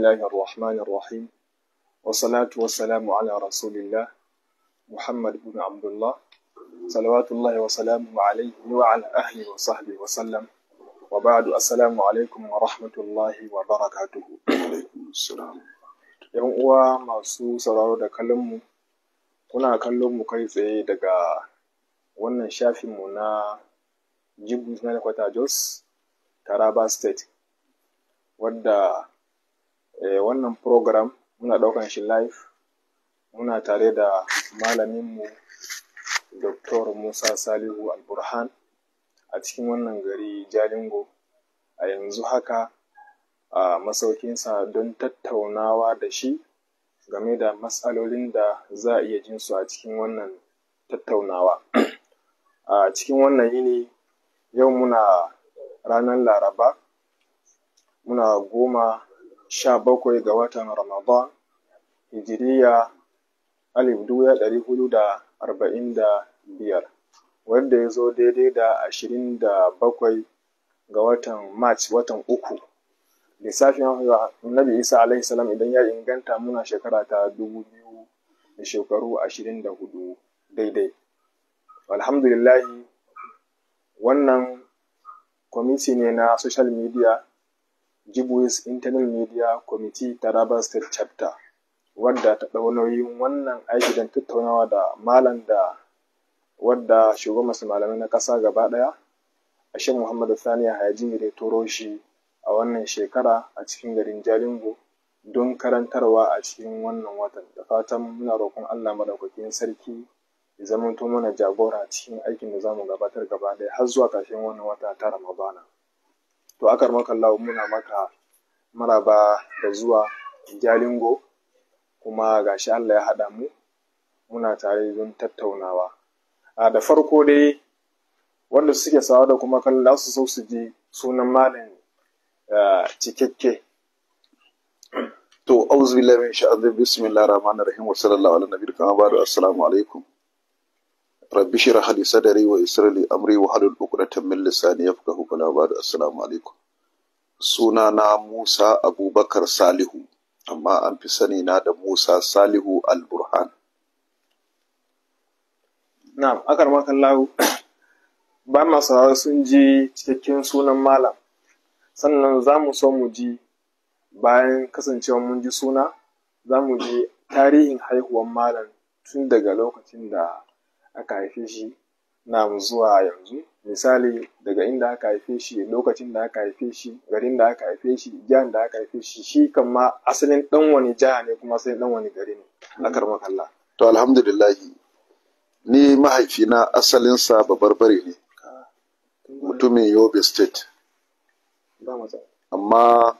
الله الرحمن الرحيم والصلاة والسلام على رسول الله محمد بن عبد الله صلوات الله وسلامه عليه وعلى أهله وصحبه وسلم وبعد السلام عليكم ورحمة الله وبركاته yan uwa masu sauraro da kallonmu kuna kallon mu kai tsaye daga wannan shafinmu na jibu na kwata jos taraba state wadda Eh, wannan program muna ɗaukan shi live muna tare da malamin mu Dr. Musa Salihu Alburhan a cikin wannan gari Jalingo a yanzu haka a masaukinsa don tattaunawa da shi game da matsalolin da za a iya jin su a cikin wannan tattaunawa. a cikin wannan yini yau muna ranar Laraba muna goma sha bakwai ga watan Ramadan, Hijiriya alif duya ɗari hudu da arba'in da biyar, wanda ya zo daidai da ashirin da bakwai ga watan March watan uku. Lissafin Nabi Isa alaihi salam idan ya inganta muna shekara ta dubu biyu da shekaru ashirin da hudu daidai. Alhamdulillahi wannan kwamiti ne na social media Jibway's Internal Media Committee Taraba State Chapter, wadda ta ɗau nauyin wannan aiki don tattaunawa da malam da wadda shugaban malamai na ƙasa gaba ɗaya, Ashim Muhammadu Sani Hayajin da toro shi a wannan shekara a cikin garin Jalingo don karantarwa a cikin wannan watan. Da fatan muna roƙon Allah madaukakin sarki ya zamanto mana jagora cikin aikin da za mu gabatar gaba ɗaya har zuwa ƙarshen wannan wata ta Ramadana. to akar makallawa muna maka maraba da zuwa jalingo kuma gashi Allah ya haɗa mu muna tare don tattaunawa a da farko dai wanda suke sawa da kuma kallon su so su ji sunan malin eh, cikakke to auzu billahi min sha'adhi bismillahir rahmanir rahim wa sallallahu ala nabiyil karim assalamu alaikum rabbi shirah li sadari wa yassir li amri wa halul uqdatan min lisani yafqahu ba da assalamu alaikum suna na Musa Abubakar Salihu amma an fi sani na da Musa Salihu Al-Burhan na'am akar makallahu ba ma sun ji cikakken sunan malam sannan za mu so mu ji bayan kasancewa mun ji suna za mu ji tarihin haihuwar malam tun daga lokacin da aka haife shi na mu zuwa yanzu misali daga inda aka haife shi lokacin da aka haife shi garin da aka haife shi jihar da aka haife shi shi kan ma asalin dan wani jiha ne kuma asalin dan wani gari ne a hmm. karmar Allah to alhamdulillahi ni mahaifina asalinsa babarbare ne mutumin yobe state amma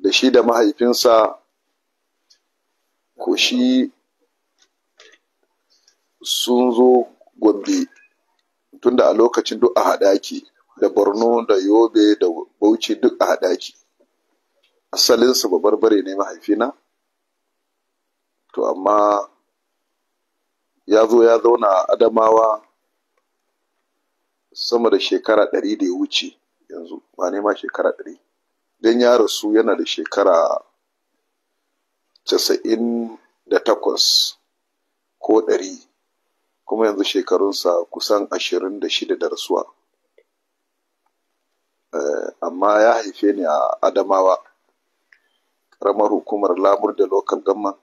da shi da mahaifinsa ko shi sun zo Gombe tunda a lokacin duk a haɗaki, da Borno da Yobe da Bauchi duk a haɗa Asalinsu asalinsa ba barbare ne mahaifina to amma ya zo ya zauna Adamawa sama da shekara ɗari da ya wuce yanzu ba ma shekara ɗari don ya rasu yana da shekara casa'in da takwas ko ɗari kuma yanzu shekarunsa kusan ashirin da shida da rasuwa eh, amma ya haife ni a adamawa ƙaramar hukumar lamur da lokal gamman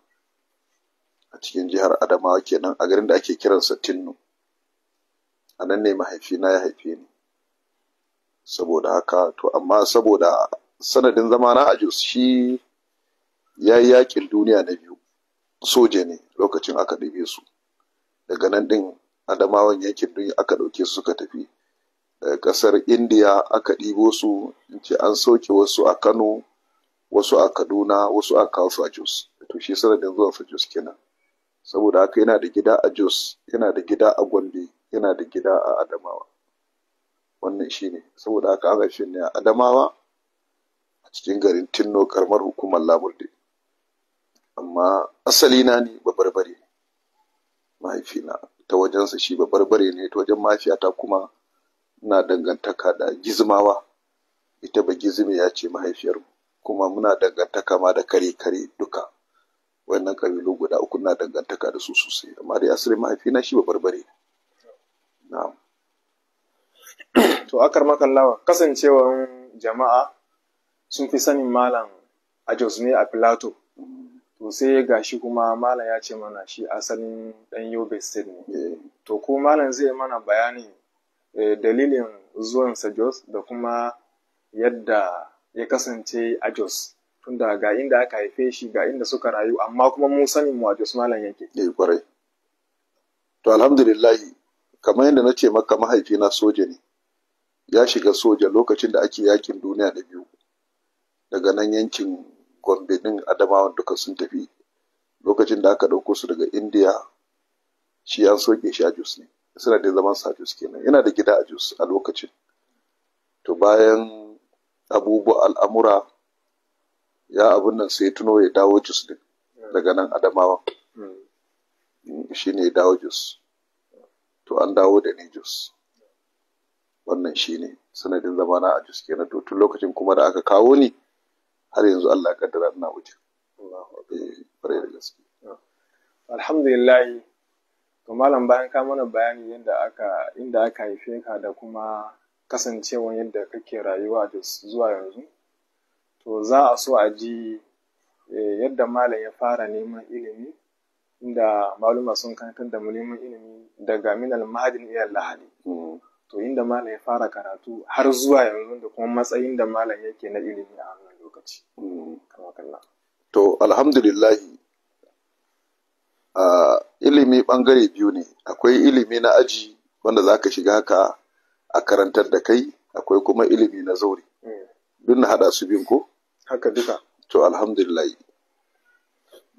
a cikin jihar adamawa kenan a garin da ake kiransa tinnu a nan ne mahaifina ya haife ni saboda haka to amma saboda sanadin zamana a jos shi ya yi yaƙin duniya na biyu soja ne lokacin aka ɗabe su daga nan ɗin adamawan yankin duk aka ɗauke su suka tafi daga ƙasar indiya aka ɗibo su in ce an soke wasu a kano wasu a kaduna wasu a kawo su a jos to shi sanadin zuwa su jos kenan saboda haka yana da gida a jos yana da gida a gombe yana da gida a adamawa wannan shi ne saboda haka an haife ne a adamawa a cikin garin tinno karamar hukumar lamurde amma asali na ne babarbare mahaifina ta wajensa shi ba barbare ne ta wajen mahaifiyata kuma na dangantaka da gizmawa ita ba gizmi ya ce mahaifiyar kuma muna dangantaka ma da kare kare duka wannan kabilu guda uku na dangantaka da su sosai amma da yasirin mahaifina shi ba barbare ne. to akar makallawa kasancewan jama'a sun fi sanin malam a jos ne a plateau to sai ga shi kuma malam ya ce mana shi asalin Dan yobe state ne eh. to ko malam zai mana bayanin eh, dalilin zuwan sa jos da kuma yadda ya kasance a jos tunda ga inda aka haife shi ga inda suka rayu amma kuma mun sani mu a jos malam yake eh kwarai to alhamdulillah kamar yadda na ce maka mahaifina soja ne ya shiga soja lokacin da ake yakin duniya da biyu daga nan yankin gombe din adamawan duka sun tafi lokacin da aka ɗauko su daga indiya shi an soke shi a jos ne suna da zaman sa jos kenan yana da gida a jos a lokacin to bayan abubuwa al'amura ya abun nan sai tuno ya dawo jos din daga nan adamawan hmm. shi ne dawo jos to an dawo da ni jos wannan shi ne sanadin zamana a jos kenan to tun lokacin kuma da aka kawo ni har yanzu Allah ya kaddara ina wuce. Eh, alhamdulillah to malam bayan ka mana bayani yadda aka inda aka haife ka da kuma kasancewan yadda kake rayuwa da zuwa yanzu to za a so a ji eh, yadda malam ya fara neman ilimi inda maluma sun kantar da neman ilimi daga minal mahadin iya lahadi mm. to inda malam ya fara karatu har zuwa yanzu da kuma matsayin da malam yake na ilimi a lokaci hmm, to alhamdulillahi ilimi ɓangare biyu ne akwai ilimi na aji wanda za ka shiga haka a karantar da kai akwai kuma ilimi na zauri hmm. duk na haɗa su ko haka duka to alhamdulillahi.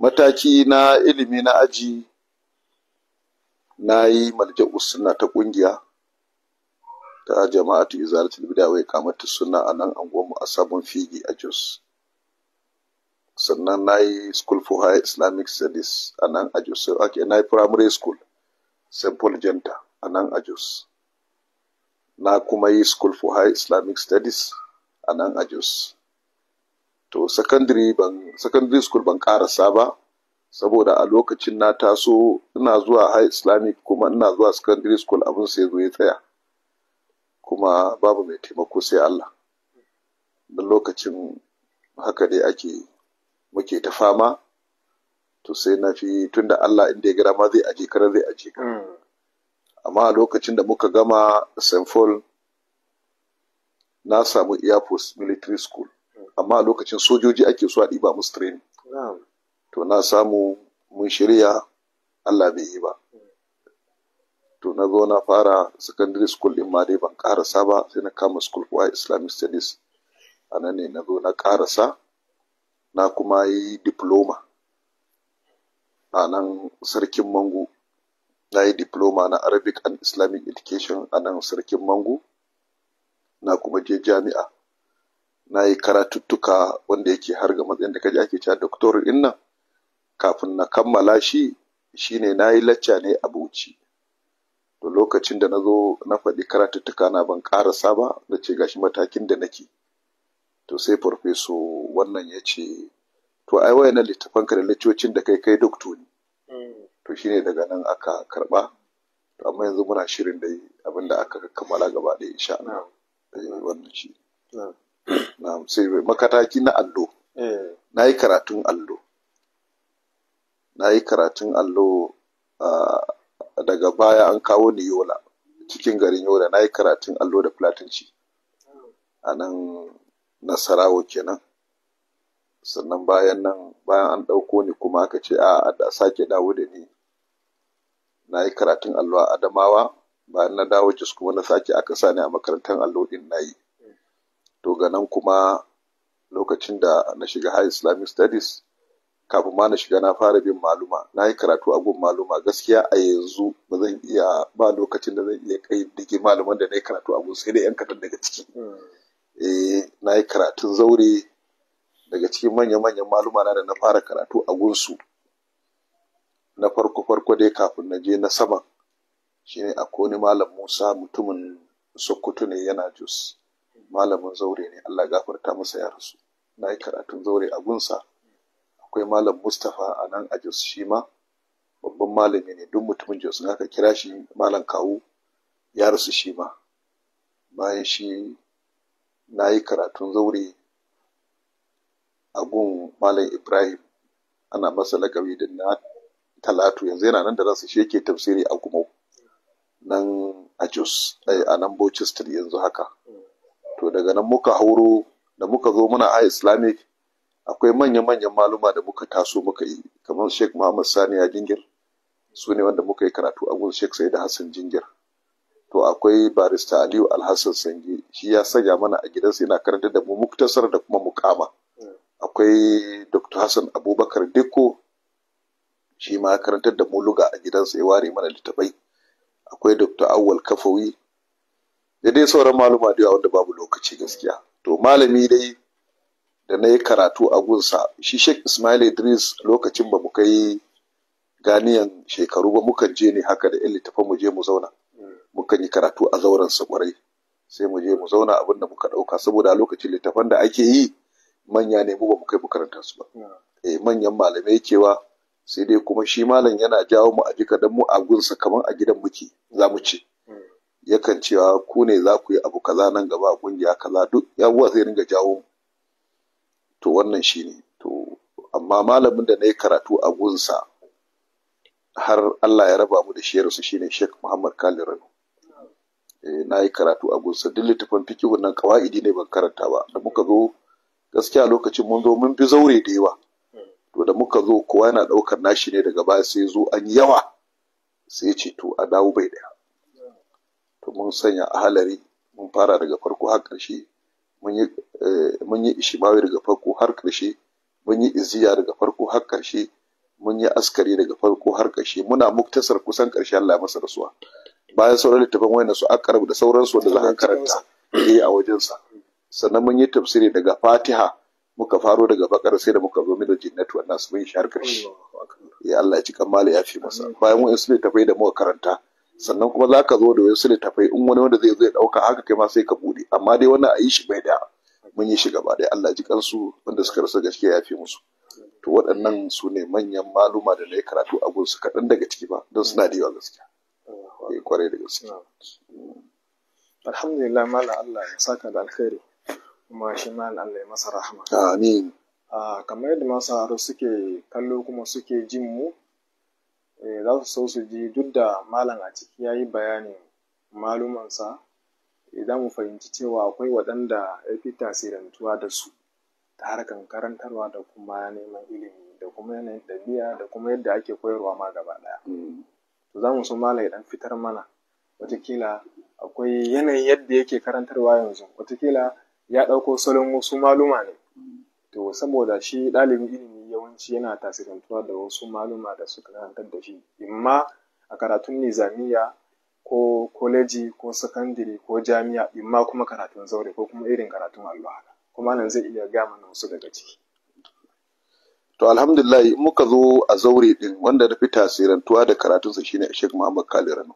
mataki na ilimi na aji na yi malja suna ta ƙungiya ta jama'atu izalatul bid'a kamar ta sunna a nan anguwar mu a sabon figi a Jos sannan na yi school for high islamic studies a nan a Jos ake na yi primary school St. Paul Jenta a nan a Jos na kuma yi school for high islamic studies a nan a Jos to secondary ban secondary school ban karasa ba saboda a lokacin na taso ina zuwa high islamic kuma ina zuwa secondary school abin sai zo ya tsaya kuma babu mai taimako sai Allah don lokacin haka dai ake muke ta fama to sai na fi tunda Allah inda ya gara ma zai aje kare zai aje mm. amma a lokacin da muka gama St. Paul na samu Air Military School amma a lokacin sojoji ake so a ɗiba musu training to na samu mun shirya Allah bai yi ba mm. to na zo na fara secondary school din ma dai ban karasa ba sai na kama school for islamic studies a nan ne na zo na karasa na kuma yi diploma a nan sarkin mangu na yi diploma na arabic and islamic education a nan sarkin mangu na kuma je jami'a na yi karatuttuka wanda yake har ga matsayin da kaji ake cewa doctor din nan kafin na kammala shi shine na yi lacca ne a bauchi to lokacin da na zo na faɗi karatuttuka na ban ƙarasa ba da ce gashi matakin da nake to sai farfeso wannan ya ce to ai na littafan ka da lecocin da kai kai dokto ne to shine daga nan aka karɓa. to amma yanzu muna shirin dai abin da aka kammala gaba ɗaya insha Allah wannan shi na sai makataki na allo eh. na yi karatun allo na yi karatun allo a ah, daga baya an kawo ni yola cikin garin yola na yi karatun allo da platinci a nan nasarawa kenan sannan bayan nan bayan an ɗauko ni kuma aka ce a da sake dawo da ni na yi karatun allo a adamawa bayan na dawo jos kuma na sake aka sa ni a makarantar allo din na yi to ga kuma lokacin da na shiga high islamic studies kafin ma na shiga na fara bin maluma na yi karatu a gun maluma gaskiya a yanzu ba zan iya ba lokacin da zan iya kai digi malaman da na yi karatu a gun sai dai yan kadan daga ciki eh na yi karatun zaure daga cikin manya-manyan maluma na da na fara karatu a su na farko-farko dai kafin na je na saman shine akwai malam musa mutumin sokoto ne yana jus malamin zaure ne allah gafarta masa ya rasu na yi karatun zaure a gunsa akwai malam mustapha a nan a jos shi ma babban malami ne duk mutumin jos in aka kira shi malam kawu ya rasu shi ma bayan shi na yi karatun zaure a gun malam ibrahim ana masa lakabi da na talatu yanzu yana nan da ransa shi yake tafsiri a gumau nan a jos eh, a nan bocistar yanzu haka to daga nan muka hauro da muka zo muna a islamic akwai manya-manyan maluma da muka taso muka yi kamar sheikh muhammad sani ya jingir su ne wanda muka yi karatu a sheikh sai hassan jingir to akwai barista aliyu alhassan sange shi ya sanya mana a gidansa yana karanta da mu muktasar da kuma mukama akwai dr hassan abubakar dikko shi ma karantar da mu luga a gidansa ya ware mana littattafai? akwai dr awwal kafawi da dai sauran maluma da yawa wanda babu lokaci gaskiya to malami dai da na yi karatu a gunsa shi sheikh ismail idris lokacin ba mu kai ganiyan shekaru ba mukan je ne haka da 'yan littafan mu je mu zauna mukan yi karatu a zauren sa kwarai sai mu je mu zauna abin da muka ɗauka saboda a lokacin littafan da ake yi manya ne mu ba mu kai makarantarsu su ba hmm. eh manyan malamai cewa sai dai kuma shi malam yana jawo mu a jika dan mu a gunsa kamar a gidan muke za mu ce hmm. yakan cewa ku ne za ku yi abu kaza nan gaba a kungiya kaza duk yawuwa zai ringa jawo mu to wannan shi ne to amma malamin da na yi karatu a gunsa har Allah ya raba mu da shi rasu shine Sheikh Muhammad Kali Rano eh, na yi karatu a gunsa duk littafin fiki wannan kawaidi ne ban karanta ba da muka zo gaskiya lokacin mun zo mun bi zaure da yawa to da muka zo kowa yana ɗaukar nashi ne daga baya sai zo an yawa sai ce to a dawo bai daya to mun sanya a halari mun fara daga farko har ƙarshe mun yi eh, ishimawi daga farko har ƙarshe mun yi iziya daga farko har ƙarshe mun yi askari daga farko har ƙarshe muna muktasar kusan ƙarshe Allah masa rasuwa bayan sauran littafin wayan su akarab da sauransu wanda za a karanta eh a sa sannan mun yi tafsiri daga fatiha muka faro daga bakar sai da muka zo da jinnatu wannan su mun yi shi har ƙarshe ya Allah ya ci kammala ya fi masa bayan mun isle tafai da muka karanta sannan kuma za ka zo da wasu littafai in wani wanda zai zai dauka haka kai ma sai ka buɗe amma dai wannan a yi shi bai da mun yi shi gaba dai Allah ji kansu wanda suka rasa gaskiya ya fi musu to waɗannan su ne manyan maluma da na yi karatu a gunsu kaɗan daga ciki ba don suna da yawa gaskiya ya eh, kware da gaskiya alhamdulillah malam Allah ya saka da alkhairi kuma shi malam Allah ya masa rahama amin ah, kamar yadda masu haro suke kallo kuma suke jin mu Eh, za su so su ji duk da malam a ciki ya yi bayanin malumansa eh, za mu fahimci cewa akwai waɗanda ya fi tasirantuwa da su ta harkar karantarwa da kuma neman ilimi da kuma yanayin ɗabi'a da kuma yadda ake koyarwa ma gaba ɗaya. Mm. To za mu so malai ɗan fitar mana watakila akwai yanayin yadda yake karantarwa yanzu watakila ya ɗauko salon wasu maluma ne. Mm. To saboda shi ɗalibin ilimi yawanci yana tasirantuwa da wasu maluma da suka karantar da shi imma a karatun nizamiya ko koleji ko sakandiri ko jami'a imma kuma karatun zaure ko kuma irin karatun allo kuma nan zai iya ga mana wasu daga ciki to alhamdulillah muka zo a zaure din wanda na fi tasirantuwa da karatunsa shine Sheikh Muhammad Kalirano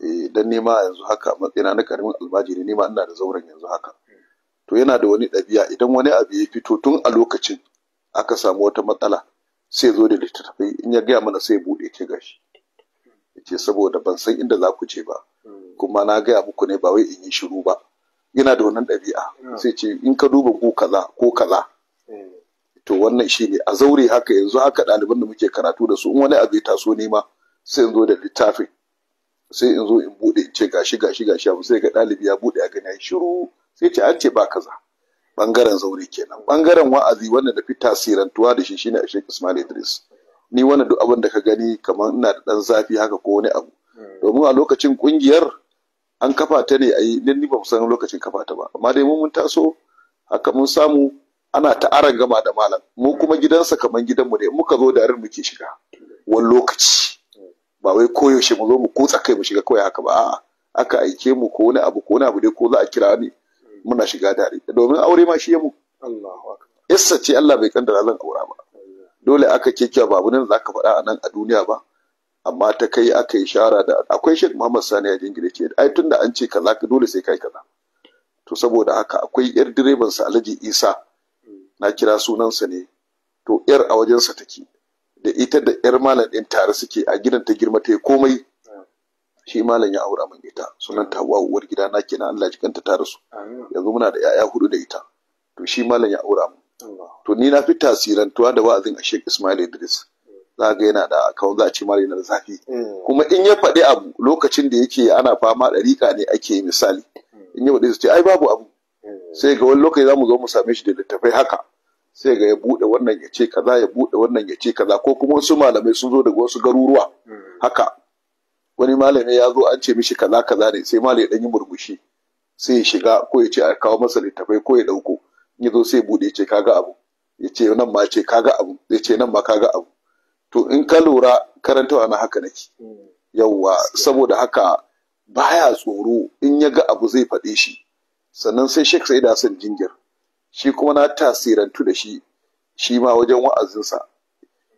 eh dan nema yanzu haka matsayina na karamin albajiri nema ina da zauren yanzu haka to yana da wani ɗabi'a idan wani abu ya fito tun a lokacin aka samu wata matsala sai zo da littattafai in ya gaya mana sai buɗe ke gashi ce saboda ban san inda za ku je ba kuma na gaya muku ne ba wai in yi shiru ba yana da wannan ɗabi'a sai ce in ka duba ko kaza ko kaza to wannan shi ne a zaure haka yanzu haka ɗaliban da muke karatu da su in wani abu ya taso nema sai in zo da littafi, sai in zo in buɗe in ce gashi gashi gashi abu sai ga ɗalibi ya buɗe a gani ya shiru sai ce an ce ba kaza bangaren zaure kenan bangaren wa'azi wanda na fi tasirantuwa da shi shine a Sheikh Ismail Idris ni wanda duk abin da ka gani kamar ina da dan zafi haka ko wani abu hmm. domin a lokacin kungiyar an kafa ta ne a yi ni ba san lokacin kafa ta ba amma dai mun taso haka mun samu ana ta'aran gama da malam mu kuma gidansa kamar gidanmu ne muka zo da rin muke shiga wani lokaci ba wai koyaushe mu zo mu kutsa kai mu shiga kawai haka ba a'a aka aike mu ko wani abu ko wani abu dai ko za a kira ni muna shiga daɗi. domin aure ma shi ya mu Issa ce Allah bai kaddara zan aura ba dole aka keke ba nan da ka faɗa a nan a duniya ba amma ta kai aka yi shara da akwai Sheikh Muhammad Sani ya jingire ce ai tun da an ce kaza ka dole sai kai kaza to saboda haka akwai yar direban sa Alhaji Isa na kira sunansa ne to yar a wajensa take da ita da yar malam ɗin tare suke a gidan ta girma ta komai shi malam ya aura min ita sunan ta uwar gida na kenan Allah ji kanta ta rasu yanzu muna da yaya hudu da ita to shi malam ya aura min to ni na fi tuwa da wa'azin a Sheikh Ismail Idris za ga yana da akawun za a ce malam zafi mm. kuma in ya faɗi abu lokacin da yake ana fama da rika ne ake misali mm. in ya faɗi su ce ai babu abu mm. sai ga wani lokaci za mu zo mu same shi da littafai haka sai ga ya buɗe wannan ya ce kaza ya buɗe wannan ya ce kaza ko kuma wasu malamai sun zo daga wasu garuruwa haka wani malami ya zo an ce mishi kaza kaza ne sai malami dan yi murmushi sai ya shiga ko ya ce a kawo masa littafai ko ya dauko ya zo sai bude ya ce kaga abu ya ce nan ma ce kaga abu ya ce nan ma kaga abu to in ka lura karantawa na haka nake yawwa saboda haka baya tsoro in ya ga abu zai faɗe shi sannan sai Sheikh da san Jingir shi kuma na tasirantu da shi shi ma wajen wa'azinsa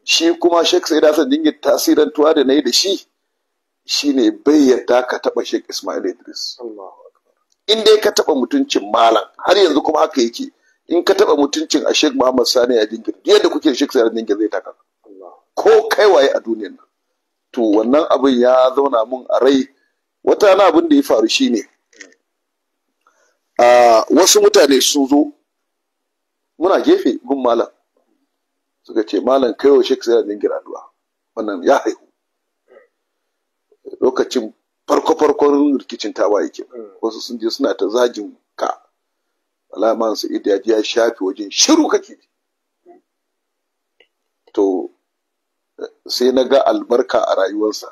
shi kuma Sheikh Said Hassan Jingir tasirantuwa da na yi da shi shine bai yadda ka taba Sheikh Ismail Idris in dai ka taba mutuncin malam har yanzu kuma haka yake in ka taba mutuncin a Sheikh Muhammad Sani a dingir yadda kuke Sheikh Sani dingir zai taka ko kai waye a duniyar nan to wannan abin ya zauna mun a rai wata na abin da ya faru shine a wasu mutane sun zo muna gefe gun malam suka ce malam kai wa Sheikh Sani dingir addu'a wannan ya haihu lokacin farko-farkon rikicin tawaye ke mm. wasu sun je suna ta zagin ka alaman su ida ya shafi wajen shiru kake to sai na ga albarka a rayuwarsa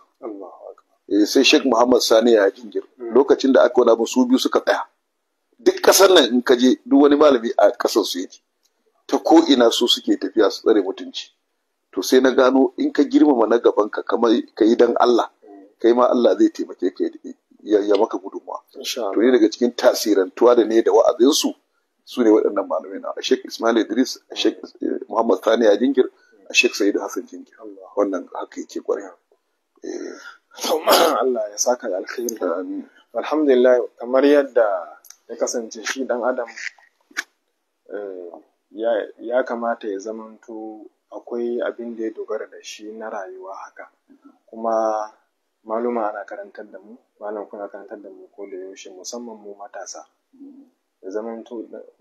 eh, sai sheikh muhammad sani ya jingir mm. lokacin da aka wani su biyu suka tsaya duk kasar nan in ka je duk wani malami a kasar su yake ta ko ina su suke tafiya su tsare mutunci to sai na gano in ka girmama na gaban ka kamar ka yi dan Allah kai ma Allah zai taimake ka ya maka gudunmawa to ne daga cikin tasirantuwa da ne da wa'azinsu su ne waɗannan malamai na Sheikh Ismail Idris mm. Sheikh eh, Muhammad Sani Jingir mm. Sheikh Sayyid Hassan Jingir wannan haka yake kwarai. Eh. Allah ya saka da alkhairi alhamdulillah kamar yadda ya kasance shi dan adam eh, ya kamata ya zamanto akwai abin da ya dogara da shi na rayuwa haka kuma maluma ana karantar da mu malam kuna karantar da mu ko da yaushe musamman mu matasa da zaman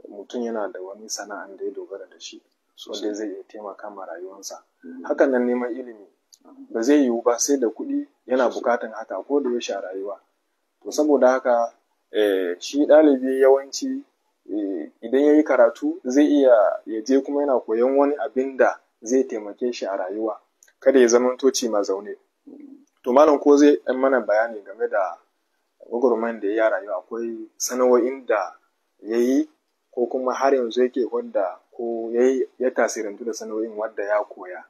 mutum yana da wani sana'an da ya dogara da shi dai zai iya taimaka ma rayuwarsa hakan nan neman ilimi ba zai yiwu ba sai da kuɗi yana bukatan haka ko da yaushe a rayuwa to saboda haka eh, shi ɗalibi yawanci eh, idan ya yi karatu zai iya ya je kuma yana koyon wani abin da zai taimake shi a rayuwa kada ya zamanto ci ma zaune to malam ko zai ɗan mana bayani game da gwagwarmayar da ya rayuwa akwai sana'o'in da ya yi ko kuma har yanzu yake wadda ko ya tasirantu da sana'o'in wadda ya koya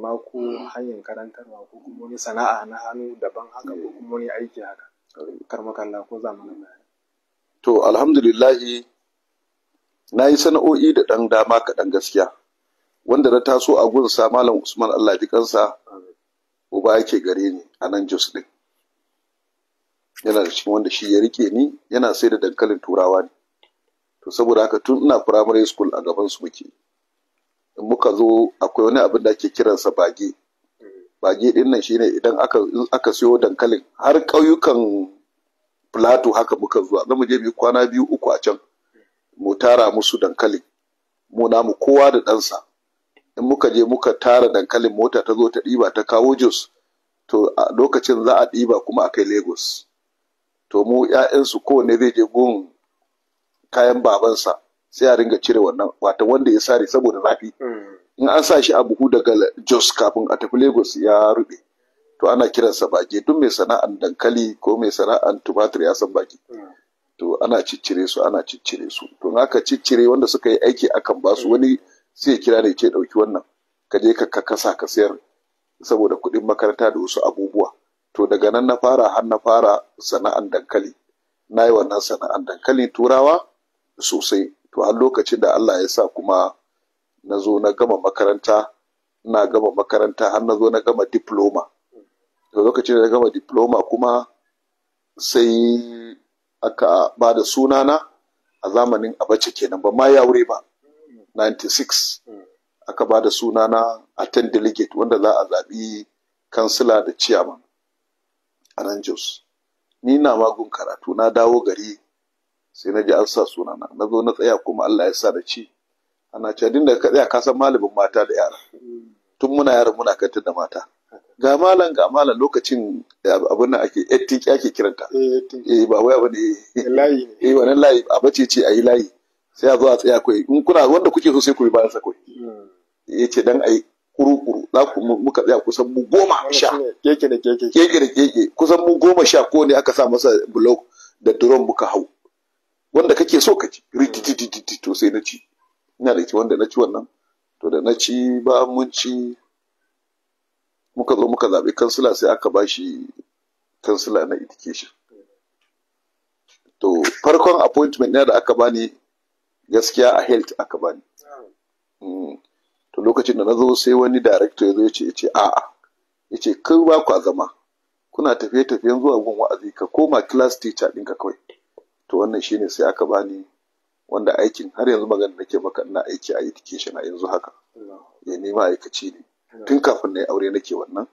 ma ko mm. hanyar karantarwa ko kuma wani sana'a na hannu daban haka ko kuma wani aiki haka karmakalla ko za mana bayani to alhamdulillahi na yi sana'o'i da ɗan dama kaɗan gaskiya wanda na taso a gunsa malam usman allah ji kansa uba yake gare ni a nan jos ɗin yana da cikin wanda shi ya rike ni yana sai da dankalin turawa ne to saboda haka tun ina primary school a gaban su muke in muka zo akwai wani abin da ake kiransa bage bage din nan shine idan aka aka siyo dankalin har ƙauyukan plateau haka muka zuwa zamu je bi kwana biyu uku a can mu tara musu dankalin mu namu kowa da ɗansa in muka je muka tara dankalin mota ta zo ta ɗiba ta kawo Jos, to a lokacin za a ɗiba kuma a kai lagos to mu ƴaƴansu ko ne zai je gun kayan babansa sai a ringa cire wannan wata wanda ya sare saboda zafi hmm. in an sa shi a buhu daga jos kafin a tafi lagos ya rube to ana kiransa bage duk mai sana'an dankali ko mai sana'an tumatir ya san baki hmm. to ana ciccire su ana ciccire su to haka ciccire wanda suka yi aiki akan basu hmm. wani sai ya kira da ya ɗauki wannan ka je ka kasa ka sayar saboda kuɗin makaranta da wasu abubuwa to daga nan na fara har na fara sana'an dankali na yi wannan sana'an dankali turawa sosai to har lokacin da Allah ya sa kuma na zo na gama makaranta na gama makaranta har na zo na gama diploma to lokacin da na gama diploma kuma sai aka ba da sunana a zamanin abace kenan ba ma ya wure ba 1996 hmm. aka ba da suna na attend delegate wanda za a zaɓi kansila da ciyama. a nan jos ni na magun karatu na dawo gari sai na ji an sa suna na na zo na tsaya kuma allah ya sa da ci ana cewa din da ka tsaya ka san malamin mata da yara hmm. tun muna yara muna kantar da mata ga malam ga malam lokacin abin da ake eh, ake kiranta eh ba wai abu layi eh wannan layi abace ce ayi layi sai a zo a tsaya kawai in kuna wanda kuke so sai ku bi bayan sa kawai hmm. ya ce dan ai kuru-kuru za ku muka tsaya kusan mu goma sha keke da keke keke da keke kusan mu goma sha ko ne aka sa masa blog da drone muka hau wanda kake so ka ci rititititi to sai na ci ina da ci wanda na ci wannan to da na ci ba mun ci muka zo muka zaɓi kansila sai aka ba shi kansila na education to farkon appointment na da aka bani gaskiya a health aka bani mm. to lokacin da na zo sai wani director ya zo ce ce a'a ya ce kai ba ku zama kuna tafiye-tafiyen zuwa gun wa'azi ka koma class teacher ɗinka kawai to wannan shine sai aka bani wanda aikin har yanzu magana nake maka ina aiki a education a yanzu haka ya eh, nema aikaci ne tun kafin na yi aure nake wannan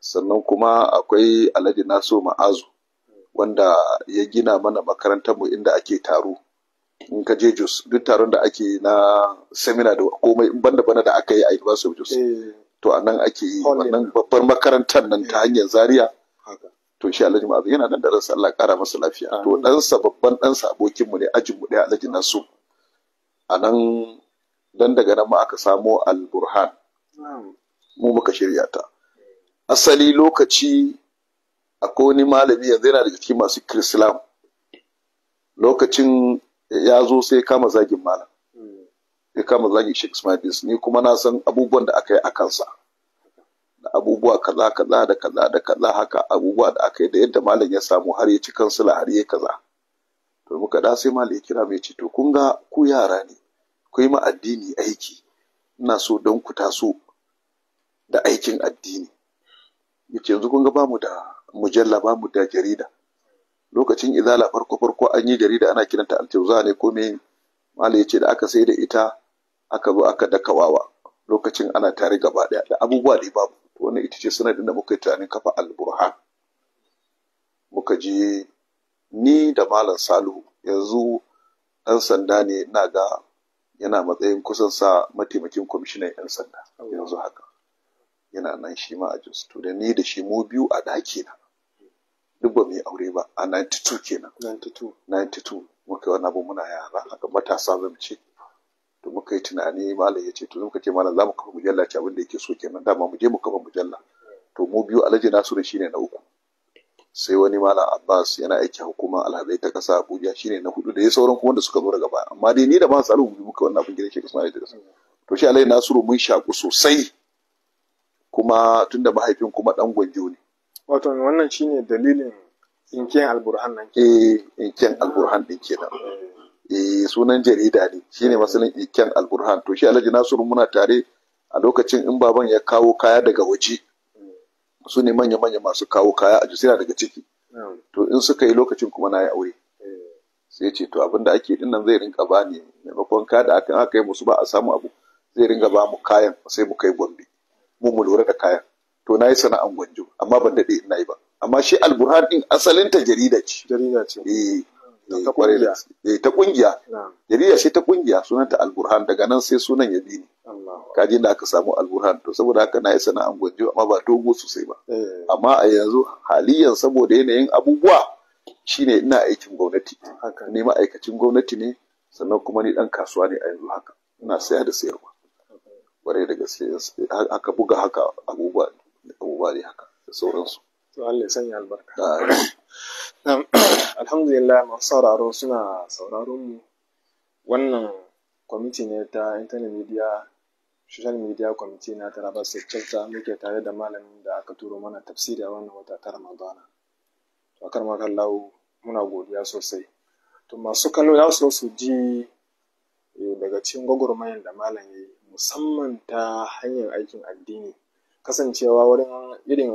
sannan kuma akwai alhaji naso ma'azu hmm. wanda ya gina mana makarantar mu inda ake taro in ka je Jos duk taron da ake na seminar da komai banda bana da aka yi a University of Jos eh. to a nan ake yi wannan babbar makarantar nan ta eh. hanyar Zaria to shi Alhaji Ma'azu yana nan da ransa Allah kara masa lafiya to ɗansa babban ɗansa abokinmu ne ajinmu ɗaya Alhaji Nasu a nan dan daga nan ma aka samo Al-Burhan mu muka shirya ta asali lokaci akwai wani malami yanzu yana daga cikin masu Kirislam lokacin ya zo sai kama zagin malam hmm. ya kama zagin Shakespeare Ismail ni kuma na san abubuwan da aka yi a kansa da abubuwa kaza kaza da kaza da kaza haka abubuwa da aka yi da yadda malam ya samu har ya ci kansila har ya kaza to muka da sai malam ya kira mai ce to kun ga ku yara ne ku yi ma addini aiki ina so don ku taso da aikin addini yace yanzu kun ga bamu da mujalla bamu da jarida lokacin izala farko farko an yi jarida ana kiranta aljauza ne ko me malai ce da aka sai da ita aka zo aka daka wawa lokacin ana tare gaba daya da abubuwa da babu to wannan ita ce sanadin da muka yi tunanin kafa alburhan muka je ni da malam salihu yanzu ɗan sanda ne na ga yana matsayin kusan sa mataimakin kwamishinan 'yan sanda yanzu haka yana nan shi ma a jos to da ni da shi mu biyu a ɗakina. na duk ba mu yi aure ba a 92 kenan 92 92 muka yi wani abu muna yara haka matasa zan ce to muka yi tunani malam ya ce to muka ce malam za mu kafa mujalla ce abin da yake so kenan dama mu je mu kafa mujalla to mu biyu alhaji nasiru shine na uku sai wani malam abbas yana aiki hukuma alhazai ta kasa abuja shine na hudu da ya sauran kuma da suka zo daga baya amma dai ni da ba tsaro mu muka wannan abin gidan shi kasuwa da to shi alhaji nasiru mun shaku sosai kuma tunda mahaifin kuma dan gwanjo ne wato wannan shine dalilin inken alburhan nan eh inken alburhan din kenan eh, eh sunan jarida ne shine masalan inken alburhan to shi alhaji nasiru muna tare a lokacin in baban ya kawo kaya daga waje hmm. su ne manya-manya masu kawo kaya a jusina daga ciki hmm. to in suka yi lokacin kuma na yi aure hmm. sai ce to abinda ake din nan zai rinka ba ne maimakon ka da aka yi musu ba a samu abu zai rinka ba mu kayan sai mu kai gombe mu mu lura da kayan to na yi sana'an gwanjo amma ban daɗe ina yi ba amma shi alburhan din asalinta jarida ce jarida ce eh, eh ta eh, kungiya eh, jarida ce ta kungiya sunanta alburhan daga nan sai sunan ya bi ni kaji da aka samu alburhan to saboda haka na yi sana'an gwanjo amma ba dogo sosai ba amma a yanzu haliyan saboda yanayin abubuwa shine ina aikin gwamnati ni ma'aikacin gwamnati ne sannan kuma ni dan kasuwa ne a yanzu haka ina saya da sayarwa kwarai da gaske haka buga haka abubuwa da abubuwa dai haka da sauransu to Allah ya sanya albarka alhamdulillah masu sauraro suna sauraro mu wannan kwamiti ne ta internet media social media kwamiti na taraba sector muke tare da malamin da aka turo mana tafsiri a wannan wata ta ramadana to akar makallahu muna godiya sosai to masu kallo ya so su ji eh, daga cikin gwagwarmayar da malam ya yi musamman ta hanyar aikin addini kasancewa wurin irin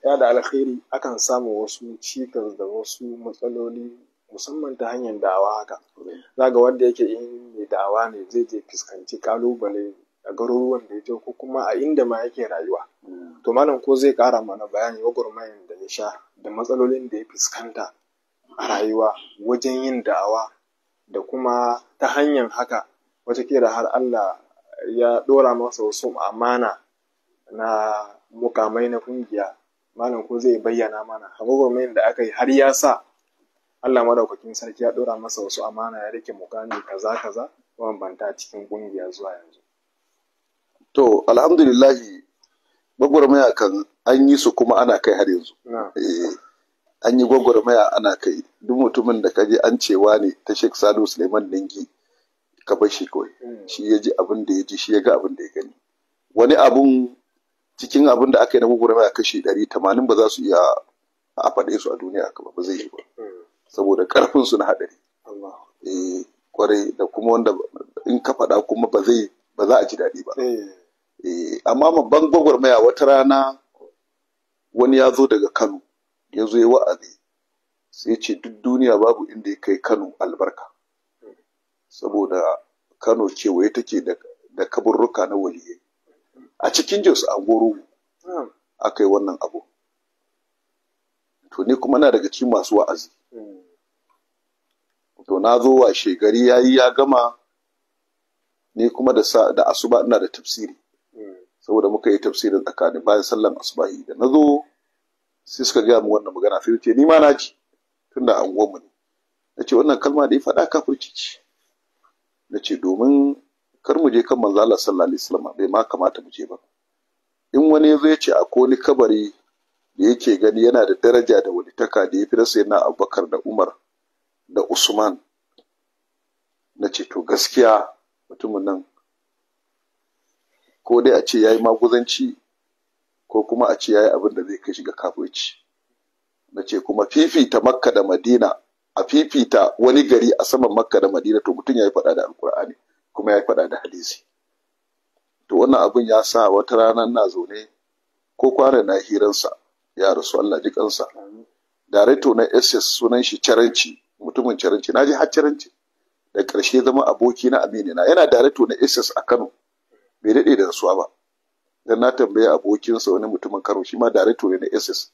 da alkhairi akan samu wasu cikas da wasu matsaloli musamman ta hanyar da'awa haka za ga wanda yake in mai da'awa ne zai je fuskanci kalubale a garuruwan da ya je ko kuma a inda ma yake rayuwa to malam ko zai kara mana bayani gurmayin da ya sha da matsalolin da ya fuskanta a rayuwa wajen yin da'awa da kuma ta hanyar haka kira har Allah ya ɗora masa wasu amana na mukamai na kungiya malam ko zai bayyana mana hagwagwarmayin da aka yi har ya sa Allah madaukakin sarki ya dora masa wasu amana ya rike mukami kaza kaza mabambanta cikin kungiya zuwa yanzu to alhamdulillahi gwagwarmaya kan an yi su kuma ana kai har yanzu eh, an yi gwagwarmaya ana kai duk mutumin da kaje an cewa ne ta Sheikh Sadu Suleiman Dangi ka bar shi kawai hmm. shi ya ji abin da ya ji shi ya ga abin da ya gani wani abun cikin abin da aka yi na gugurama a kashe ɗari tamanin ba za su iya a faɗe su a duniya kama ba zai yi ba saboda ƙarfin su na haɗari kwarai eh, da kuma wanda in ka faɗa kuma ba zai ba za a ji daɗi ba eh. Eh, amma babban gwagwarmaya wata rana wani ya zo daga kano ya zo ya wa'azi sai ce duk duniya babu inda ya kai kano albarka hmm. saboda kano kewaye take da kaburruka na waliyai a cikin jos a goro hmm. aka yi wannan abu to ni kuma na daga cikin masu wa'azi hmm. to na zo wa shegari ya yi ya gama ni kuma da, asuba ina da tafsiri hmm. saboda muka yi tafsirin tsakanin bayan sallan asubahi da na zo sai suka gaya min wannan magana sai ce ni ma na ji da an mu ne na ce wannan kalma da ya faɗa kafin ce na ce domin kar mu je kan manzo Allah sallallahu alaihi wasallam bai ma kamata mu je ba in wani ya zo ya ce akwai wani kabari da yake gani yana da daraja da walitaka da ya fi rasa yana Abubakar da Umar da Usman na ce to gaskiya mutumin nan ko dai a ce yayi maguzanci ko kuma a ce yayi abin da zai kai shiga kafirci na ce kuma fifita makka da madina a fifita wani gari a saman makka da madina to mutum ya yi faɗa da alkur'ani kuma ya faɗa da hadisi to wannan abin ya sa wata rana na zaune ko kware na hiransa ya rasu Allah ji kansa na SS sunan shi Caranci mutumin Caranci na ji har Caranci da ƙarshe zama aboki na Aminu na yana dareto na SS a Kano bai daɗe da rasuwa ba dan na tambaye abokinsa wani mutumin Kano shi ma dareto ne na SS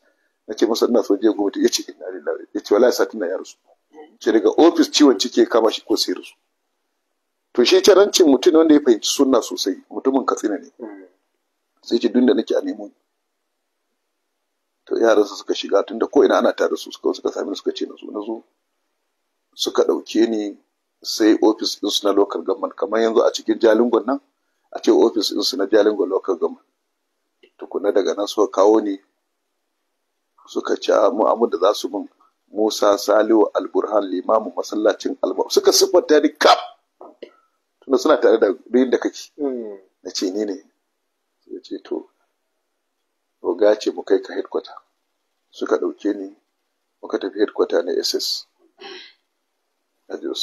na ce masa ina so je gwamnati ya ce lillahi ya ce wallahi satin na ya rasu ce daga ofis ciwon ciki kama shi ko sai rasu to shi carancin mutum wanda ya fahimci sunna sosai mutumin katsina ne hmm. sai ce duk da nake a nemo to yaran su suka shiga tunda ko ina ana tare su suka suka sami suka ce na zo na suka ɗauke ni sai ofis su na local government kamar yanzu a cikin jalingon nan a ce ofis su na jalingon local government tukuna daga nan suka kawo ni suka ci ah, mu da za su min Musa Salihu Alburhan limamin masallacin Alba suka siffanta ni kap na suna tare da duk da kake hmm. na ce ni ne ya ce to oga ce mu kai ka headquarter suka ɗauke ni muka tafi headquarter na ss a jos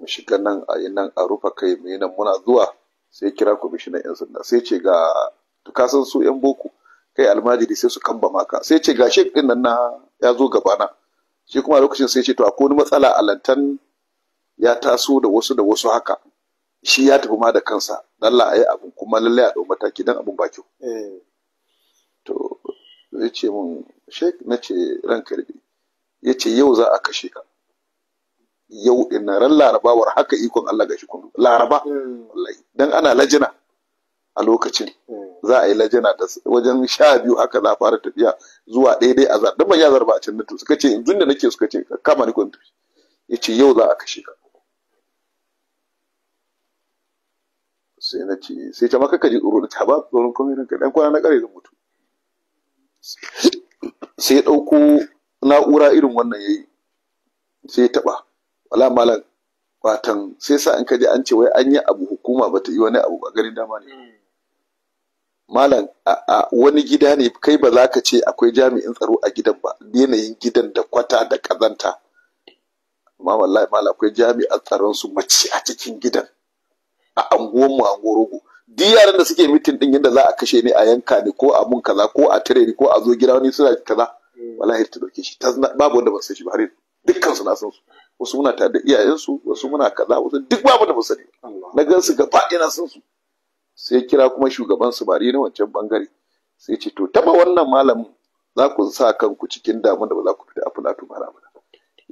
mu shiga nan a yi nan a rufa kai mu nan muna zuwa sai kira kwamishinan yan sanda sai ce ga tukasan su yan boko kai almajiri sai su kamba maka sai ce ga shek din nan na ya zo gabana shi kuma lokacin sai ce to akwai wani matsala a lantan ya taso da wasu da wasu haka shi ya tafi ma da kansa dan a yi abun kuma lallai a dauki mataki don abin ba kyau eh. to ya ce mun shek na ce ran karbi yau za a kashe ka yau ina ran larabawar haka ikon Allah ga shi kun laraba eh. wallahi dan ana lajina a lokacin eh. za a yi lajina da wajen sha biyu haka za a fara tafiya zuwa daidai a zar dan ban ya zarba a can na to suka ce yanzu da nake suka ce kama ni kun tafi ya ce yau za a kashe ka sai na ce sai ta maka kaji tsoro da ta ba tsoron komai ranka ɗan kwana na ƙare da mutu sai ya ɗauko na'ura irin wannan ya yi. sai ya taɓa. wala malam watan sai sa an kaji an ce wai an yi abu hukuma ba ta yi wani abu a garin dama ne hmm. malam a wani gida ne kai ba za ka ce akwai jami'in tsaro a gidan ba yanayin gidan da kwata da ƙazanta. amma wallahi malam akwai jami'an tsaron su mace a cikin gidan a anguwan mu gorogo. rogo duk yaran da suke mitin din yadda za a kashe ni a yanka ni ko a mun kaza ko a tare ni ko a zo gida wani suna kaza wallahi ta dauke shi babu wanda ba san shi ba har dukkan su na san su wasu muna tare da iyayensu wasu muna kaza wasu duk babu da ba sani na gan su gaba ina na san su sai kira kuma shugaban su bari na wancan bangare sai ce to taba wannan malamin za ku sa kanku cikin damun da ba za ku fita a fulatu mara ba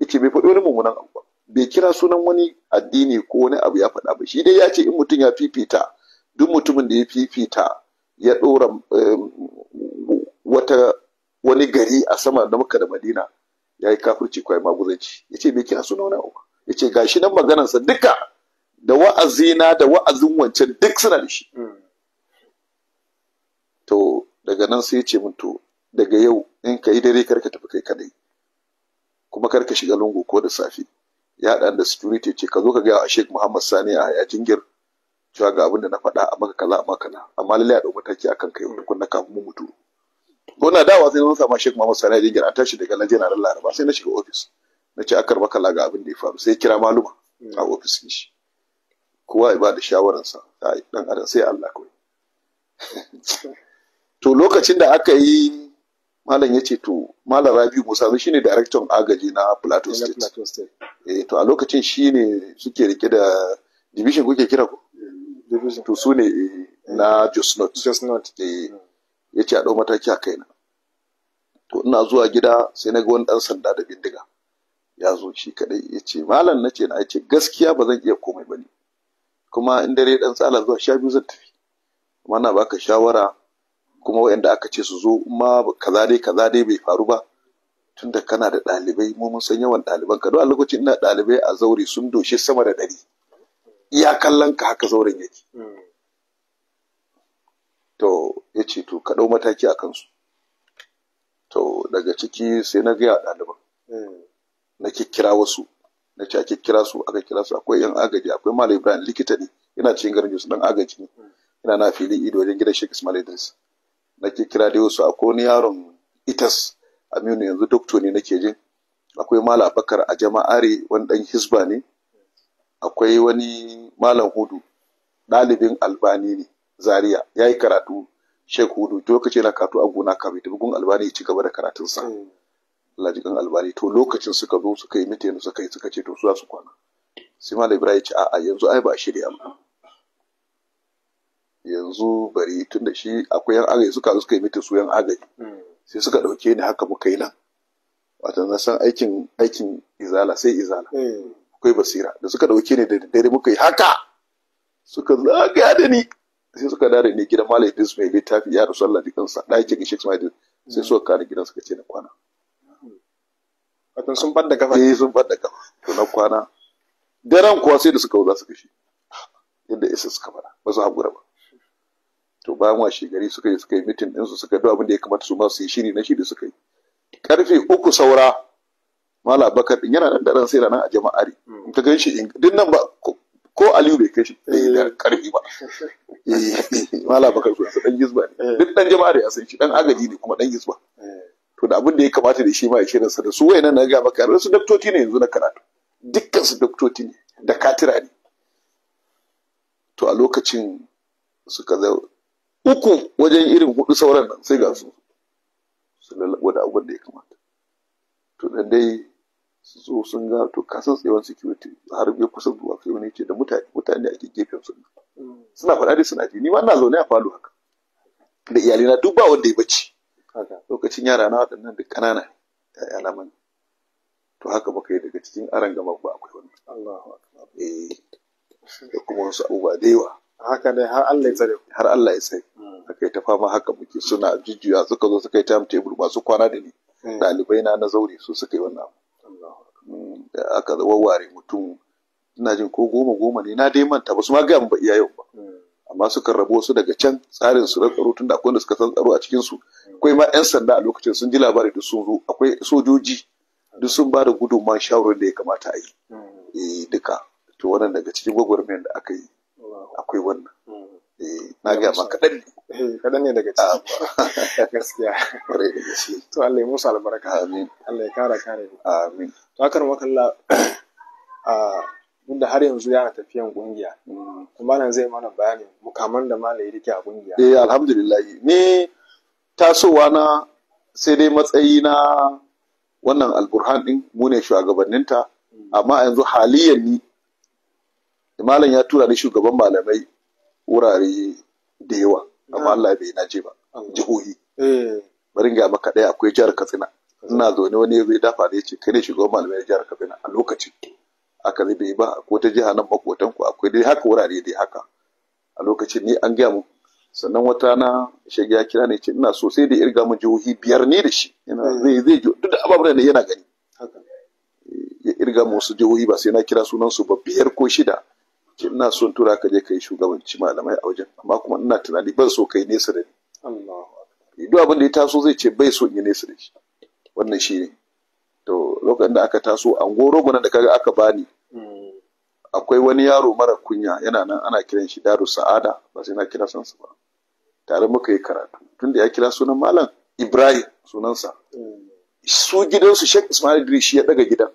yace bai faɗi wani mummunan abu ba bai kira sunan wani addini ko wani abu ya faɗa ba shi dai ya ce in mutum ya fifita duk mutumin da ya fifita ya ɗora eh, wata wani gari a sama da muka da madina ya yi kafirci kwaye maguzanci ya ce bai kira sunan wani abu ya ce ga shi nan maganarsa duka da wa'azina da wa'azin wancan duk suna da shi hmm. to daga nan sai ya ce min to daga yau in ka yi dare karka tafi kai kadai kuma karka shiga lungu ko da safe ya haɗa da security ce ka zo ka gaya a Sheikh Muhammad Sani a yajin gir cewa ga abin da na faɗa a maka kaza a maka kaza amma lalle a ɗau mataki akan kai wani na kafin mu mutu ko na dawa sai na ma Sheikh Muhammad Sani a yajin gir an tashi daga Lajin a Ba sai na shiga ofis na ce akar maka ga abin da ya faru sai kira maluma a ofis kishi. shi kowa ya ba da shawararsa dan adam sai Allah kawai to lokacin da aka yi malam ya ce to malam rabi musa shi ne daraktan agaji na plateau state eh, to a lokacin shi ne suke rike da division kuke kira ku to su ne eh, na eh, just not just not mm. ya ce a ɗau mataki a kaina to ina zuwa gida sai na ga wani ɗan sanda da bindiga ya zo shi kadai ya ce malam na ce na ce gaskiya ba zan iya komai ba ne kuma in dare ɗan tsala zuwa sha biyu zan tafi amma na baka shawara kuma waɗanda aka ce su zo ma kaza dai kaza dai bai faru ba tunda kana da ɗalibai mu mun san yawan ɗaliban ka don a lokacin ina ɗalibai a zaure sun doshe sama da ɗari iya kallon ka haka zauren yake to ya ce to ka ɗau mataki a kansu to daga ciki sai na gaya ɗaliban na kikkira wasu na ce ake kira su aka kira su akwai yan agaji akwai malam ibrahim likita ne yana cikin garin jos dan agaji ne yana na filin ido wajen gidan sheikh ismail idris nake kira da wasu akwai wani yaron itas aminu yanzu dokto ne nake jin akwai malam bakar a jama'are wani dan hisba ne akwai wani malam hudu ɗalibin albani ne zaria ya yi karatu shek hudu to lokaci yana karatu a gona kafin ta bugun albani ya ci gaba da karatunsa mm. Allah jikan albani to lokacin suka zo suka yi mitin suka yi suka ce to su za su kwana sai malam ibrahim ya ce a'a yanzu ai ba a shirya ba yanzu bari tun da shi akwai yan agaji suka zo suka yi mita su yan agaji sai suka ɗauke ni haka muka yi nan wato na san aikin aikin izala sai izala akwai basira da suka ɗauke ni da daddare muka yi haka suka zaga da ni sai suka dare ni gidan malam Idris mai littafi ya rasu Allah jikinsa ɗakin Sheikh Ismail sai suka kare gidan suka ce na kwana wato sun fadda kafa eh sun fadda kafa to na kwana daren kuwa sai da suka wuza suka shi yadda isa suka fara ba su haƙura ba to bayan washe gari suka yi suka yi mitin ɗinsu suka duk abin da ya kamata su ma su yi shiri na shi da suka yi karfe uku saura mala bakar din yana nan da ran sai da nan a jama'ari hmm. in ta gan shi duk nan ba ko aliyu bai kai shi eh, da karfi ba mala bakar ko su ɗan gizba ne eh. duk jama'a da ya san shi ɗan agaji ne kuma ɗan gizba eh. to da abin da ya kamata da shi ma ya shirin sa da su wayannan na ga maka su doktoci ne yanzu na karatu dukkan su doktoci ne da katira ne to a lokacin suka zau uku wajen irin hudu sauran nan sai ga su su lalaba da abin da ya kamata to da dai su zo sun ga to kasan tsayawan security har bai kusa zuwa sai wani ke da mutane mutane ake gefen su suna faɗa dai suna ji ni ma ina zaune a falo haka da iyalina duk ba wanda ya bacci lokacin yara na waɗannan duk ƙanana ya ‘ya'yana mani to haka baka yi daga cikin aran gama ba akwai wannan eh da kuma wasu abubuwa da yawa haka ne har Allah ya tsare ku. har Allah ya tsare aka kai ta fama haka muke suna jujjuya suka zo suka yi time table masu kwana da ni Dalibai eh. na na zauri su suka yi wannan abu mm, aka wawware mutum ina jin ko goma goma ne na dai manta ba su ma gaya ba iya yau ba eh. amma suka rabu wasu daga can tsarin su na tsaro da akwai da suka san tsaro a cikin su akwai ma yan sanda a lokacin sun ji labari duk sun zo akwai sojoji duk sun ba da gudunman shawarar da ya kamata a yi hmm. eh, duka to wannan daga cikin gwagwarmayar da aka yi akwai wannan eh, na ga ma kaɗan ne eh, kaɗan ne daga ciki ah, gaskiya kware daga ciki to Allah ya musu albarka amin Allah ya kara kare amin to hakan makalla a ah, da har yanzu yana tafiyan kungiya mm. kuma nan zai mana bayani mukamman da malai rike a kungiya eh alhamdulillah ni tasowa na sai dai matsayi na wannan alburhan din mu ne shugabanninta mm. amma yanzu haliyan ni malam ya tura ni shugaban malamai wurare da yawa amma ah. Allah bai na je ba jihohi eh. bari ga maka ɗaya akwai jihar Katsina ah. ina zaune wani zai dafa ne ce kai ne shugaban malamai jihar Katsina a lokacin aka ne bai ba ko ta jiha nan makotan ku akwai dai haka wurare dai haka a lokacin ni an gaya mu sannan wata rana shege ya kira ne ce ina so sai da irga mun jihohi biyar ne da shi zai zai duk da ababen da yana gani ya irga mu wasu jihohi ba sai na kira sunan su ba biyar ko shida ce ina son tura ka je ka yi shugabanci malamai a wajen amma kuma ina tunani ban so kai nesa da ni duk abin da ya taso zai ce bai so in yi nesa da shi wannan shi ne to lokacin da aka taso an goro gwanan da kaga aka bani hmm. akwai wani yaro mara kunya yana nan ana kiran shi daru sa'ada ba sai na kira san ba tare muka yi karatu tunda ya kira sunan malam ibrahim sunansa hmm. su gidansu sheikh ismail idris shi ya daga gidan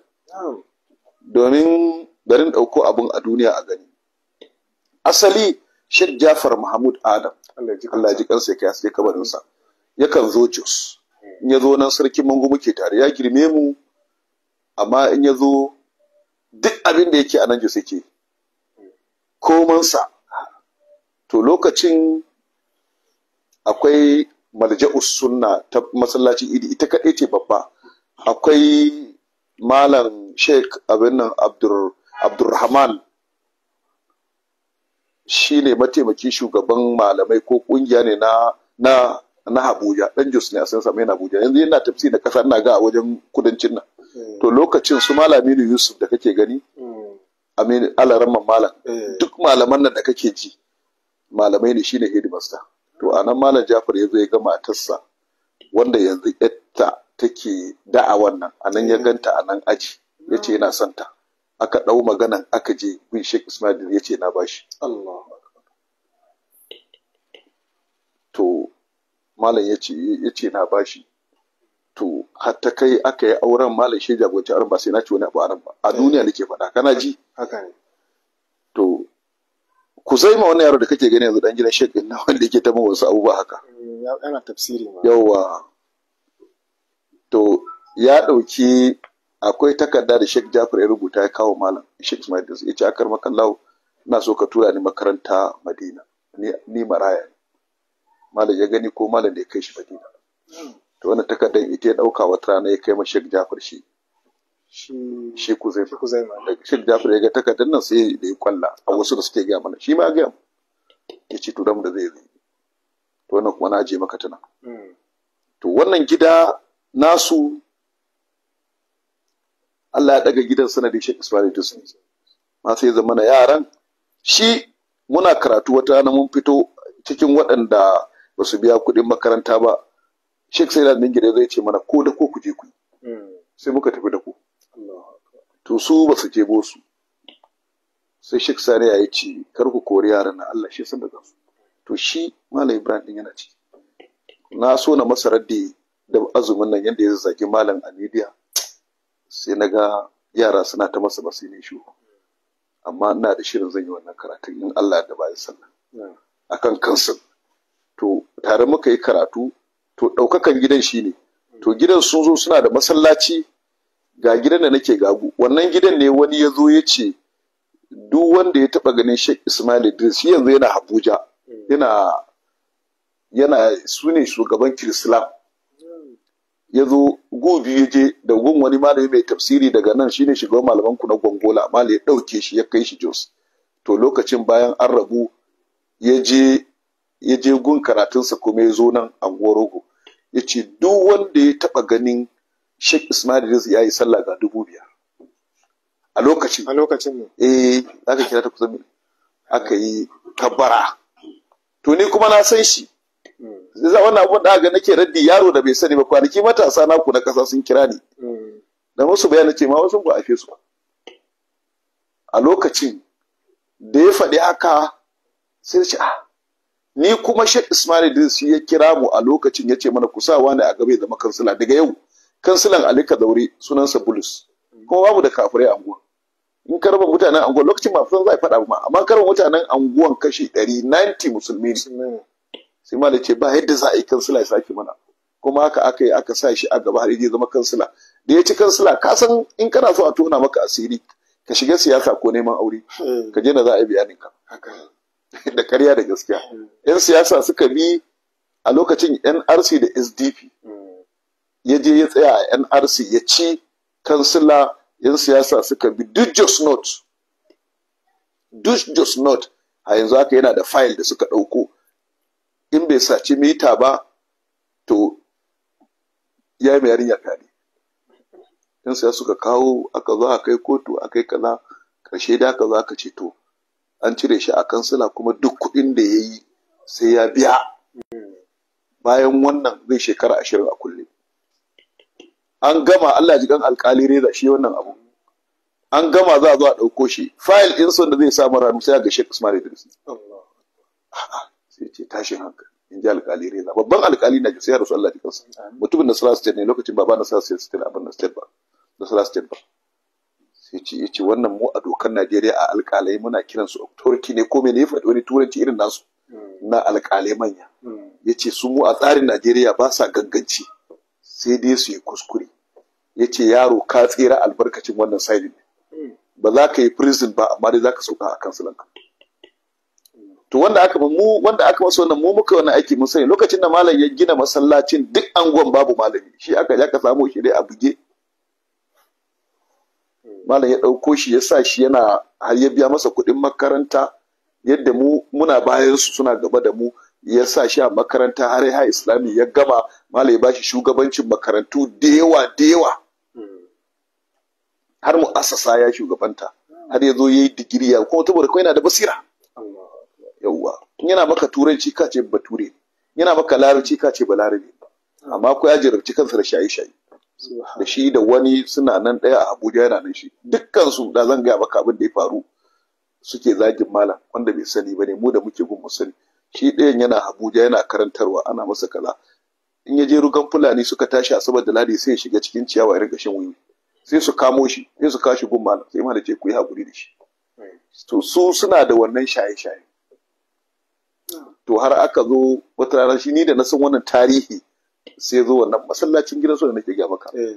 domin garin ɗauko abun a duniya a gani asali Sheikh Jafar Mahmud Adam Allah ji kansa ya kai asali kabarinsa yakan zo Jos in ya zo nan sarkin mango muke tare ya girme mu amma in ya zo duk abin da yake a nan Jos yake komansa to lokacin akwai malja'us sunna ta masallaci idi ita kaɗai ce babba akwai malam Sheikh abin nan abdurrahman shi ne mataimakin shugaban malamai ko kungiya ne na na na Abuja dan Jos ne a san samai na Abuja yanzu yana tafsi da kasar na ga a wajen kudancin nan hmm. to lokacin su malami ne Yusuf da kake gani hmm. Amin Alaran malam hmm. duk malaman nan da kake ji malamai ne shine headmaster to anan malam Jafar ya zo ya ga matarsa wanda yanzu yatta take da'awan nan anan ya ganta anan aji yace yana son ta aka ɗau maganan aka je bin Sheikh Ismail ya ce na bashi. Allah. To, Malam ya ce na bashi. To, hatta kai aka yi auren Malam shi Jagoci aron ba sai na ci wani abu aron ba. A eh. duniya nake faɗa, kana ji? Haka ne. To, ku zai ma wani yaro da kake gani yanzu dan gidan Sheikh na wanda yake ta wasu abubuwa haka. Eh, yana tafsiri ma. Yawwa. To, ya ɗauki akwai takarda da Sheikh Jafar ya rubuta ya kawo malam Sheikh Ismail da ya ce akar makallahu ina so ka tura ni makaranta Madina ni maraya malam ya gani ko malam da ya kai shi Madina to wannan takardar ita ya dauka wata rana ya kai ma Sheikh Jafar shi shi zai ma. Sheikh Jafar ya ga takardar nan sai da ya kwalla a wasu da suke gaya mana shi ma gaya ya ce to da zai zai to wannan kuma na je maka tana hmm. to wannan gida nasu Allah ya daga gidan sanadin Sheikh Ismail Tusni ma sai zama na yaran shi muna karatu wata na mun fito cikin waɗanda ba su biya kuɗin makaranta ba Sheikh Sayyid Gida zai ce mana ko da ko ku je ku hmm. sai muka tafi da ku to su ba su je su sai Sheikh Sani ya ce kar ku kori yaran na Allah shi san da su to shi Malam Ibrahim din yana ciki na so na masa raddi da azumin nan yadda ya zaki malam a sai na ga yara suna ta masa basu ne shi amma ina da shirin zan yi wannan karatu. in Allah da bayan a hmm. akan kansu to tare muka yi karatu to ɗaukakan gidan shi ne to hmm. gidan sun zo suna da masallaci ga gidan da nake gagu wannan gidan ne wani ya zo ya ce duk wanda ya taɓa ganin Sheikh Ismail Idris yanzu yana Abuja hmm. yana yana su ne shugaban Kirislam ya zo Gobe ya je da gun wani malami mai tafsiri daga nan shine shiga malaman ku na gongola amma ya ɗauke shi ya kai shi jos to lokacin bayan an rabu ya je ya je gun karatunsa kuma ya zo nan a Gorogo ya ce duk wanda ya taɓa ganin Sheikh Ismail Idris ya yi sallah ga dubu biyar. A lokacin. A lokacin ne. Eh, aka kira ta kusa aka yi kabbara. To ni kuma na san shi za wannan abun da aka nake raddi yaro da bai sani ba kwanaki matasa naku na kasa sun kira ni da musu bayanin ce ma wasu ba a su a lokacin da ya faɗi haka sai ce ah ni kuma Sheikh Ismail su ya kira mu a lokacin ya ce mana sa ne a gaba zama kansila daga yau kansilan Ali Kadauri sunansa Bulus kuma babu da kafirai a anguwa in karban mutanen anguwa lokacin ba san zai faɗa ba amma karban mutanen anguwan kashi 190 musulmi ne sai malam ce ba yadda za a yi kansila ya sake mana kuma haka aka yi aka sa shi a gaba har ya zama kansila da ya ci kansila ka san in kana so a tona maka asiri ka shiga siyasa ko neman aure ka je na za a yi bayanin da karya da gaskiya yan siyasa suka bi a lokacin nrc da sdp ya je ya tsaya a nrc ya ci kansila yan siyasa suka bi duk just not duk just not a yanzu haka yana da fayil da suka ɗauko in bai saci mita ba to ya yi mai yarinya fyaɗe yan siya suka kawo aka zo a kai kotu a kai kaza ƙarshe da aka zo aka ce to an cire shi a kansila kuma duk kuɗin da ya yi sai ya biya bayan wannan zai shekara ashirin a kulle an gama Allah kan alƙali reza shi wannan abu an gama za a zo a ɗauko shi fayil ɗin son da zai sa mara sai ga Sheikh Usman Idris sai ce tashin hankali in ji alkali na. babban alkali na sai ya Allah Allah sa. mutumin nasara state ne lokacin baba nasara state state abin na state ba nasara state ba sai ce ya ce wannan mu a dokar Najeriya a alkalai muna kiran su authority ne ko mene ya faɗi wani turanci irin nasu hmm. na alkalai manya hmm. ya ce su mu a tsarin Najeriya ba sa ganganci sai dai su yi kuskure ya ce yaro ka tsira albarkacin wannan ne. Hmm. ba za ka yi prison ba amma dai za ka sauka a kansulanka to wanda aka mu wanda aka masa wannan mu muka wannan aiki mun sani lokacin da malam ya gina masallacin duk angon babu malami shi aka ya ka samu shi dai a buge malam ya ɗauko shi ya sa shi yana har ya biya masa kuɗin makaranta yadda mu muna bayan su suna gaba da mu ya sa shi a makaranta har ya islami ya gama malam ya ba shi shugabancin makarantu da yawa da yawa har mu asasa ya shugabanta har ya zo yayi digiri ya kuma saboda kawai yana da basira yawwa yana maka turanci ka ce bature yana maka larabci ka ce balarabe amma ko ya jarabci kansa da shaye-shaye da shi da wani suna nan daya a Abuja yana nan shi dukkan su da zan gaya maka abin da ya faru suke zagin malam wanda bai sani ba ne mu da muke gun mu shi ɗayan yana Abuja yana karantarwa ana masa kala. in ya je rugan fulani suka tashi asabar da ladi sai ya shiga cikin ciyawa irin gashin wuyu sai su kamo shi sai su kashi gun malam sai malam ce ku yi hakuri da shi to su suna da wannan shaye-shaye to har aka zo wata rana shi ni da na san wannan tarihi sai zo wannan masallacin gidan su da nake ga maka eh.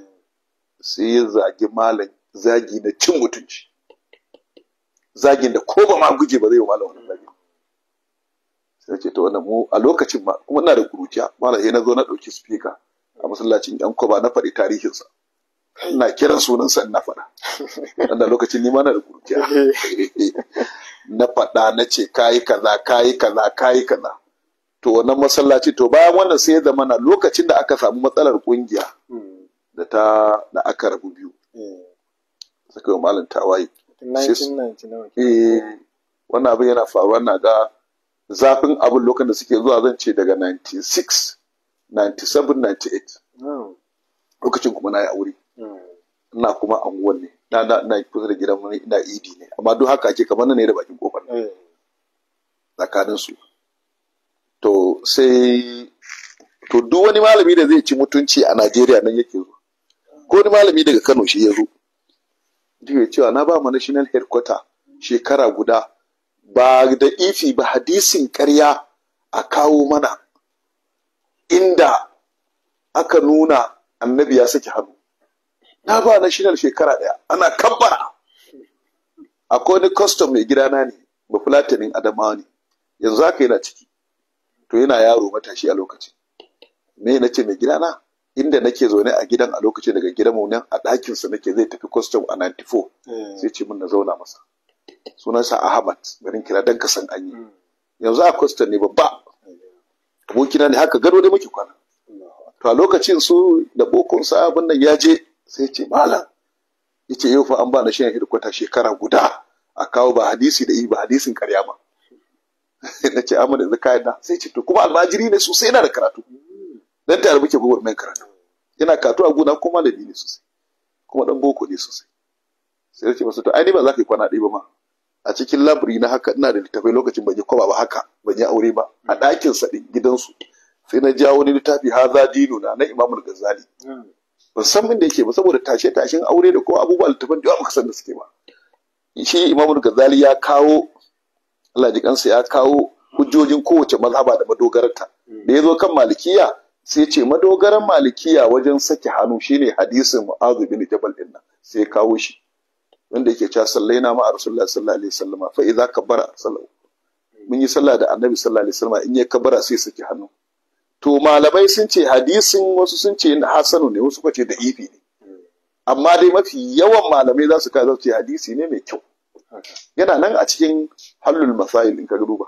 sai ya zagi malam zagi na cin mutunci zagin da ko ba ma guje ba zai yi malam wannan zagi sai ce ta wannan mu a lokacin ma kuma ina da kuruciya malam sai eh, na zo na ɗauki speaker a masallacin yan kwaba na faɗi tarihinsa na kiran sunan san na faɗa wanda lokacin ni ma na da na faɗa na ce kayi kaza kayi kaza kayi kaza to wannan masallaci to bayan wannan sai ya zama na lokacin da aka samu matsalar kungiya da ta da aka rabu biyu Saka yi malam tawaye eh, wannan abin yana faruwa na ga zafin abin lokacin da suke zuwa zan ce daga 96 97 98 lokacin kuma na yi aure Hmm. ina kuma anguwan ne na da na kusa da gidan ne ina idi ne amma duk haka ake kamar nan ne da bakin kofar hmm. tsakanin su to sai to duk wani malami da zai ci mutunci a Najeriya nan yake zo ko wani malami daga Kano shi ya zo ya cewa na ba mu national headquarter shekara guda ba da ifi ba hadisin karya a kawo mana inda aka nuna annabi ya saki hannu na ba na shirar shekara ɗaya ana kabbara akwai wani custom mai gidana ne ba fulatanin adamawa ne yanzu haka yana ciki to yana yaro matashi a lokacin me na ce mai na inda nake zaune a gidan a lokacin daga gidan mu nan a ɗakinsa nake zai tafi custom a 94 eh. sai ce min na zauna masa sunansa Ahmad garin kira dan ka san anyi yanzu a custom ne babba abokina ne haka gado da muke kwana to a lokacin su da bokon sa nan ya je sai ce malam ya ce yau fa an ba na shan hirkwata shekara guda a kawo ba hadisi da yi ba hadisin karya ba na ce amma da zaka yadda sai ce to kuma almajiri ne sosai yana da karatu dan tare muke gobar mai karatu yana karatu a gona kuma da ne sosai kuma dan boko ne sosai sai ce masa to ai ba za ka yi kwana ɗaya ba ma a cikin labiri na haka ina da littafai lokacin ban yi kwaba ba haka ban yi aure ba a ɗakin sa gidansu sai na jawo wani littafi haza Dino, na na imamul ghazali hmm. musamman san min da yake ba saboda tashe tashen aure da ko abubuwa littafan da yawa muka san da suke ba shi imamu gazali ya kawo Allah ji kansa ya kawo hujjojin kowace mazhaba da madogararta da ya zo kan malikiya sai ce madogaran malikiya wajen sake hannu shine hadisin mu'azu bin jabal din nan sai ya kawo shi wanda yake cewa na ma'a rasulullahi sallallahu alaihi wasallam fa idza kabbara sallu mun yi sallah da annabi sallallahu alaihi wasallam in ya kabbara sai sake hannu to malamai sun ce hadisin wasu sun ce hasanu ne wasu ce da ifi ne amma dai mafi yawan malamai za su ka ce hadisi ne mai kyau yana nan a cikin hallul masail in ka duba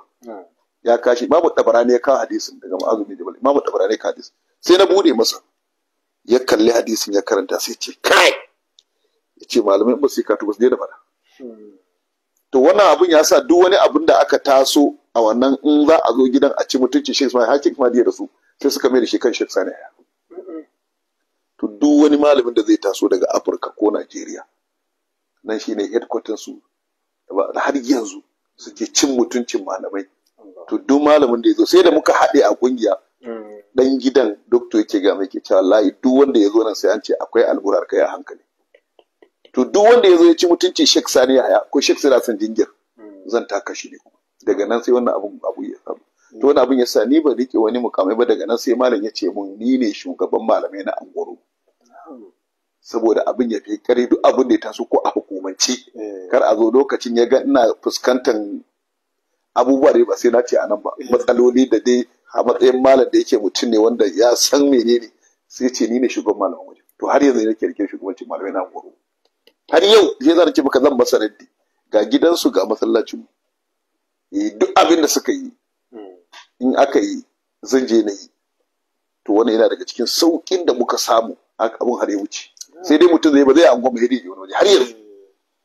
ya kashi babu tabarani ya kawo hadisin daga ma'azumi da bali babu tabarani ya kawo hadisin sai na bude masa ya kalli hadisin ya karanta sai ce kai ya ce malamai ba su yi katu ba su da fara to wannan abun ya sa duk wani abun da aka taso a wannan in za a zo gidan a ci mutuncin shi ismail hakim kuma da su sai suka mai da shi kan shi Sani to duk wani malamin da zai taso daga Afirka ko Najeriya nan shine headquarters su har yanzu suke cin mutuncin malamai to duk malamin da ya zo sai da muka haɗe a kungiya dan mm. gidan doctor yake ga mai ke cewa layi duk wanda ya zo nan sai an ce akwai alburar kai a hankali to duk wanda ya zo ya ci mutunci Sheikh Sani Yahaya ko Sheikh Sani Hassan mm. zan taka shi ne daga nan sai wannan abu abu to wani abin ya sa ni ba rike wani mukamai ba daga nan sai malam ya ce mun ni ne shugaban malamai na angoro saboda abin ya fi kare duk abin da ya taso ko a hukumance eh. kar a zo lokacin ya ga ina fuskantar abubuwa da ba sai na ce a nan ba eh. matsaloli da dai a matsayin malam da yake mutum ne wanda ya san menene sai ce ni ne shugaban malamai waje to har yanzu nake rike shugabancin malamai na angoro har yau sai zan ce maka zan masa raddi ga gidansu ga masallacin eh, duk abin da suka yi in aka yi zan je na yi to wannan yana daga cikin saukin da muka samu abin har ya wuce sai dai mutum zai ba zai yi angon mahiri wani waje har yanzu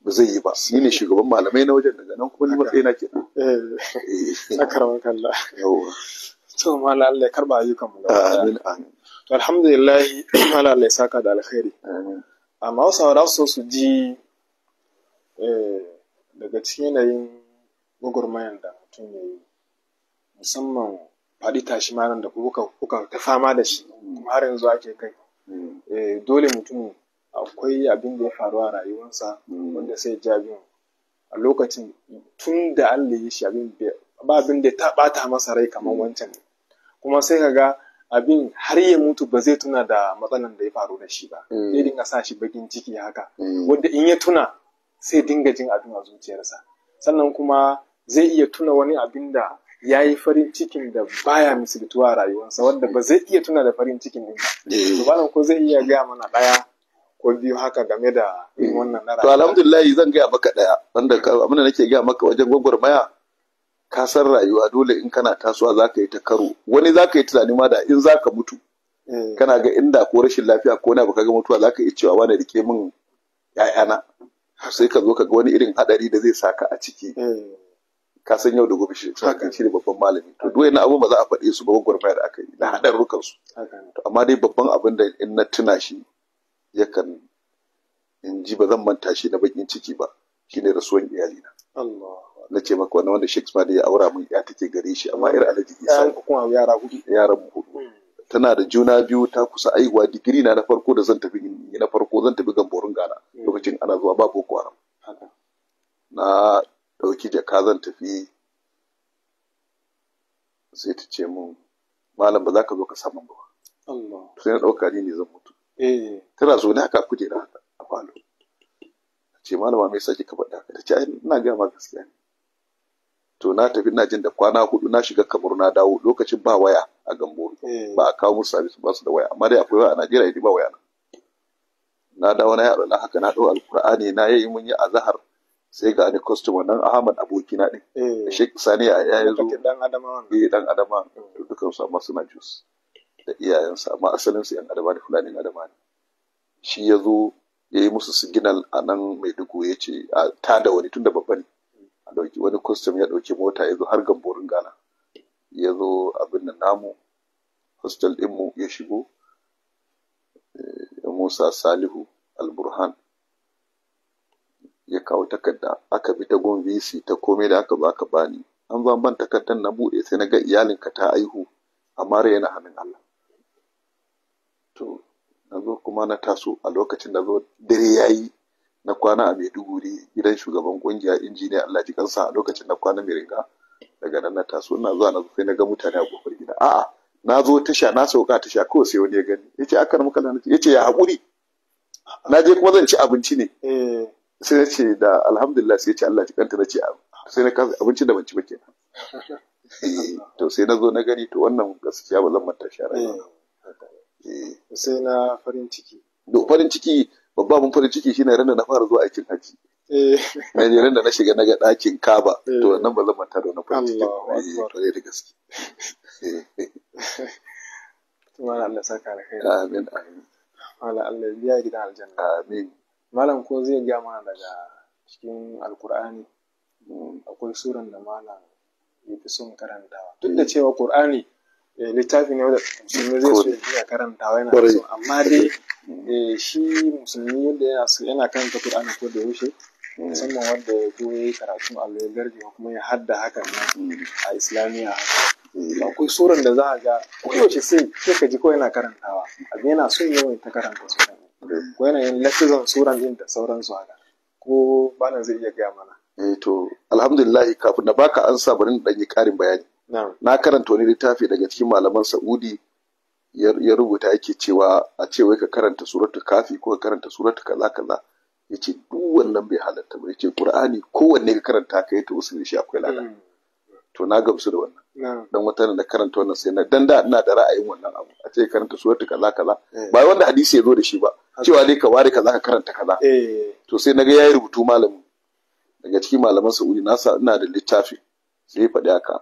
ba zai yi ba ni ne shugaban malamai na wajen daga nan kuma ni matsayi na ke sakarwa eh, kalla to mala Allah ya karba ayyukan mu amin amin to alhamdulillah mala Allah ya saka da alkhairi amma wasu hauwa su su ji eh, daga cikin yanayin gwagwarmayan da mutum ya yi musamman faɗi tashi nan da kuka kuka ta fama da shi kuma har yanzu ake kai mm. eh, dole mutum akwai abin da ya faru a rayuwarsa mm. wanda sai jabin a lokacin tun da Allah ya shi abin ba abin da ta bata masa rai kamar mm. wancan kuma sai ka ga abin har ya mutu ba zai tuna da matsalan da ya faru da shi ba zai dinga sa shi bakin ciki haka wanda in ya tuna sai dinga jin abin a zuciyarsa sannan kuma zai iya tuna wani abin da ya yi farin cikin da baya misaltuwa a rayuwarsa wanda ba zai iya tuna da farin cikin ɗin ba. Eh. ko zai iya gaya mana ɗaya ko biyu haka game da eh. wannan na rayuwa. To alhamdulillah zan gaya maka ɗaya wanda abin da nake gaya maka wajen gwagwarmaya ka san rayuwa dole in kana tasowa za ka yi ta karo wani za ka yi tunani ma da in za ka mutu. Eh. Kana ga inda ko rashin lafiya ko na baka ga mutuwa za ka iya cewa wani rike min ‘ya'yana. Sai ka zo ka ga wani irin haɗari da zai saka a ciki. ka san yau da gobe shi shi ne babban malami to duk wani abu ba za a faɗe su ba gwagwarmaya da aka yi na haɗar rukan su to amma dai babban abin da in na tuna shi yakan in ji ba zan manta shi na bakin ciki ba shine rasuwan iyali na Na ce maka wannan wanda Shakespeare da ya aura mun ya take gare shi amma irin alaji isa yara hudu yaran hudu hmm. tana da juna biyu ta kusa aiwa digiri na na farko da zan tafi na farko zan tafi gamborin Ghana hmm. lokacin ana zuwa ba Boko Haram na ɗauki jaka zan tafi sai ta ce mun malam ba za ka zo ka saman ba sai na ɗauka ni ne zan mutu eh. tana zo ne haka kuje haka a falo ce malama me yasa kika faɗa haka ta ce ina gaya ma gaskiya ne to na tafi ina jin da kwana hudu na shiga kamar na dawo lokacin ba waya a gambo eh. ba a kawo musu sabis ba su da waya amma dai akwai waya a Najeriya idan ba waya na dawo na na haka na ɗau alkur'ani na yayi mun yi azahar sai ga ni kwastoma nan ahmad abokina ɗin eh. shek sani ya ya zo eh dan adama dukkan su amma suna jus da iyayensa amma asalin su yan adama da fulani adama ne shi ya zo ya yi musu siginal a nan mai dugu ya ce a da wani tun da babba ne a ɗauki wani kwastom ya ɗauki mota ya zo har gamborin gana ya zo abin da namu hostel mu ya shigo eh, musa salihu Al-Burhan. ya kawo takarda aka bi ta gon vc ta komai da aka baka bani an zo ban takardar na bude sai na ga iyalinka ta aihu amma rai yana hannun allah to na zo kuma na taso a lokacin da zo dare ya yi na kwana a maiduguri gidan shugaban kungiya injiniya allah ji kansa a lokacin na kwana mai ringa daga nan na taso ina zuwa na sai na ga mutane a kofar gida a'a na zo tasha na sauka tasha kawai sai wani ya gani yace aka muka lana yace ya haƙuri na je kuma zan ci abinci ne eh. sai na ce da alhamdulillah sai ce Allah kanta na ce sai na kasa abinci da banci ba to sai na zo na gani to wannan gaskiya ba zan manta shara eh, sai na farin ciki do farin ciki babba mun farin ciki shine da na fara zuwa aikin haji eh. na ran da na shiga na ga ɗakin kaba to eh. wannan ba zan manta da wannan farin ciki ba da gaske Tumana Allah saka da kai. Amin amin. Wala Allah biya gidan aljanna. Amin. malam ko zai gaya mana daga cikin alkur'ani hmm, akwai suran da malam ya fi son karantawa duk da cewa kur'ani eh, littafi ne wanda musulmi zai so ya karantawa yana so amma dai eh, shi musulmi yadda yana so yana karanta kur'ani ko da yaushe hmm, musamman wanda ya zo ya yi karatun allo ya kuma ya hadda hakan hmm, a islamiyya akwai suran da za a ga yaushe sai ka ji ko yana karantawa abin yana son yawan ta karanta suran ko yanayin lafizan suran din da sauransu haka ko bana zai iya gaya mana eh to alhamdulillah kafin na baka ansa bari dan yi karin bayani na karanta wani littafi daga cikin malaman Saudi ya rubuta yake cewa a ce wai ka karanta suratu kafi ko ka karanta suratu kaza kaza yace duk wannan bai halatta ba yace qur'ani kowanne ka karanta ka yi tawassuli shi akwai lada hmm. to na gamsu da wannan dan wata da karanta wannan sai na dan da ina da ra'ayin wannan abu a ce karanta suratu kaza kaza eh. ba wanda hadisi ya zo da shi ba cewa dai ka ware kaza ka karanta kaza eh. to sai naga yayi rubutu malamin daga cikin malaman Saudi na sa ina da littafi sai faɗi haka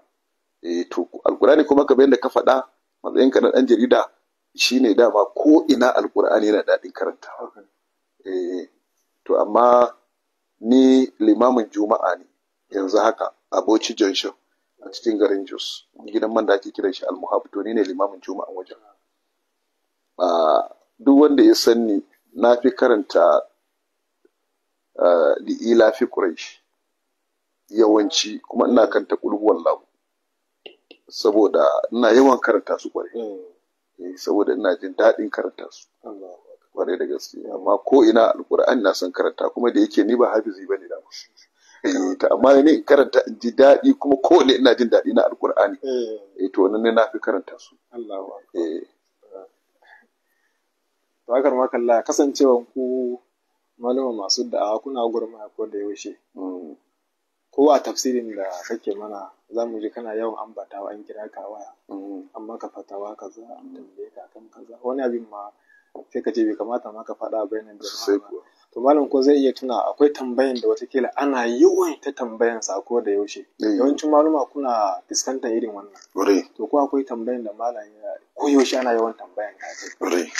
eh to alkurani kuma kamar yadda ka faɗa matsayinka na ɗan jarida shine ba ko ina alkurani yana daɗin karanta eh to amma ni limamin juma'a ne yanzu haka a Bauchi Junction a cikin garin Jos gidan man da ake kiran shi Al-Muhab to ne limamin juma'a wajen duk wanda ya sanni na fi karanta da ah, ila fi ƙuraish yawanci kuma ina karanta ƙulhuwan lagu saboda ina yawan karanta su ƙwarai hmm. eh, saboda ina jin daɗin karanta su ƙwarai da gaske amma ko ina alƙur'ani na san karanta kuma da yake ni ba hafizi ba ne da eh, ta amma ne karanta in ji daɗi kuma ne ina jin daɗi na alƙur'ani eh. to wani ne na fi karanta su to Makalla ma kalla kasancewan ku malama masu da'awa kuna gurma ko da yaushe mm. ko a tafsirin da kake mana za mu ji kana yawan ambatawa an kira ka waya mm. an maka fatawa kaza an tambaye ka kan kaza wani abin ma sai ka ce bai kamata ma ka faɗa bayanan jama'a to malam ko zai iya tuna akwai tambayan da watakila ana yawan ta tambayan sa ko da yaushe eh. yawancin maluma kuna fuskantar irin wannan to ko akwai tambayan da malam ya ko yaushe ana yawan tambayan eh.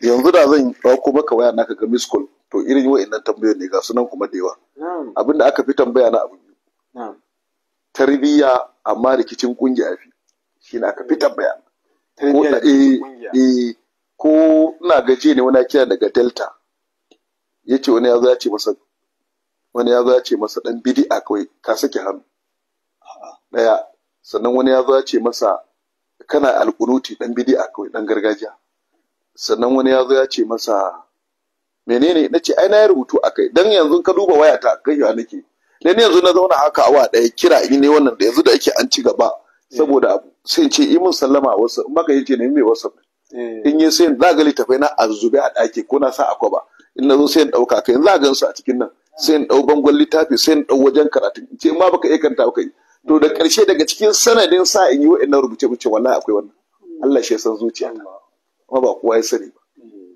yanzu da zan ɗauko maka waya naka ga miss call to irin wa'annan tambayoyin ne ga sunan kuma da yawa abin da aka fi tambaya na abu biyu tarbiyya amma rikicin kungiya fi shi na aka fi tambaya eh, ko ina gaje ne wani kira daga delta ya ce wani ya zo ya ce masa wani ya zo ya ce masa dan a kawai ka sake hannu daya sannan wani ya zo ya ce masa kana alƙunuti dan a kawai dan gargajiya sannan wani ya zo ya ce masa menene na ce ai na yi rubutu a kai dan yanzu ka duba waya ta kai ya nake dan yanzu na zauna haka awa daya kira in ne wannan da yanzu da yake an ci gaba eh. saboda abu sai ce yi min sallama a wasu in baka yace ne me eh. wasu in yi sai za ga littafai na azube a ɗaki ko na sa akwaba in na zo sai in ɗauka kai za a gan su a cikin nan sai in ɗau bangon littafi sai in ɗau wajen karatu in ce ma baka iya karanta kai to da ƙarshe daga cikin sanadin sa in yi na rubuce rubuce wallahi akwai wannan Allah shi ya san zuciya kuma ba kowa ya sani ba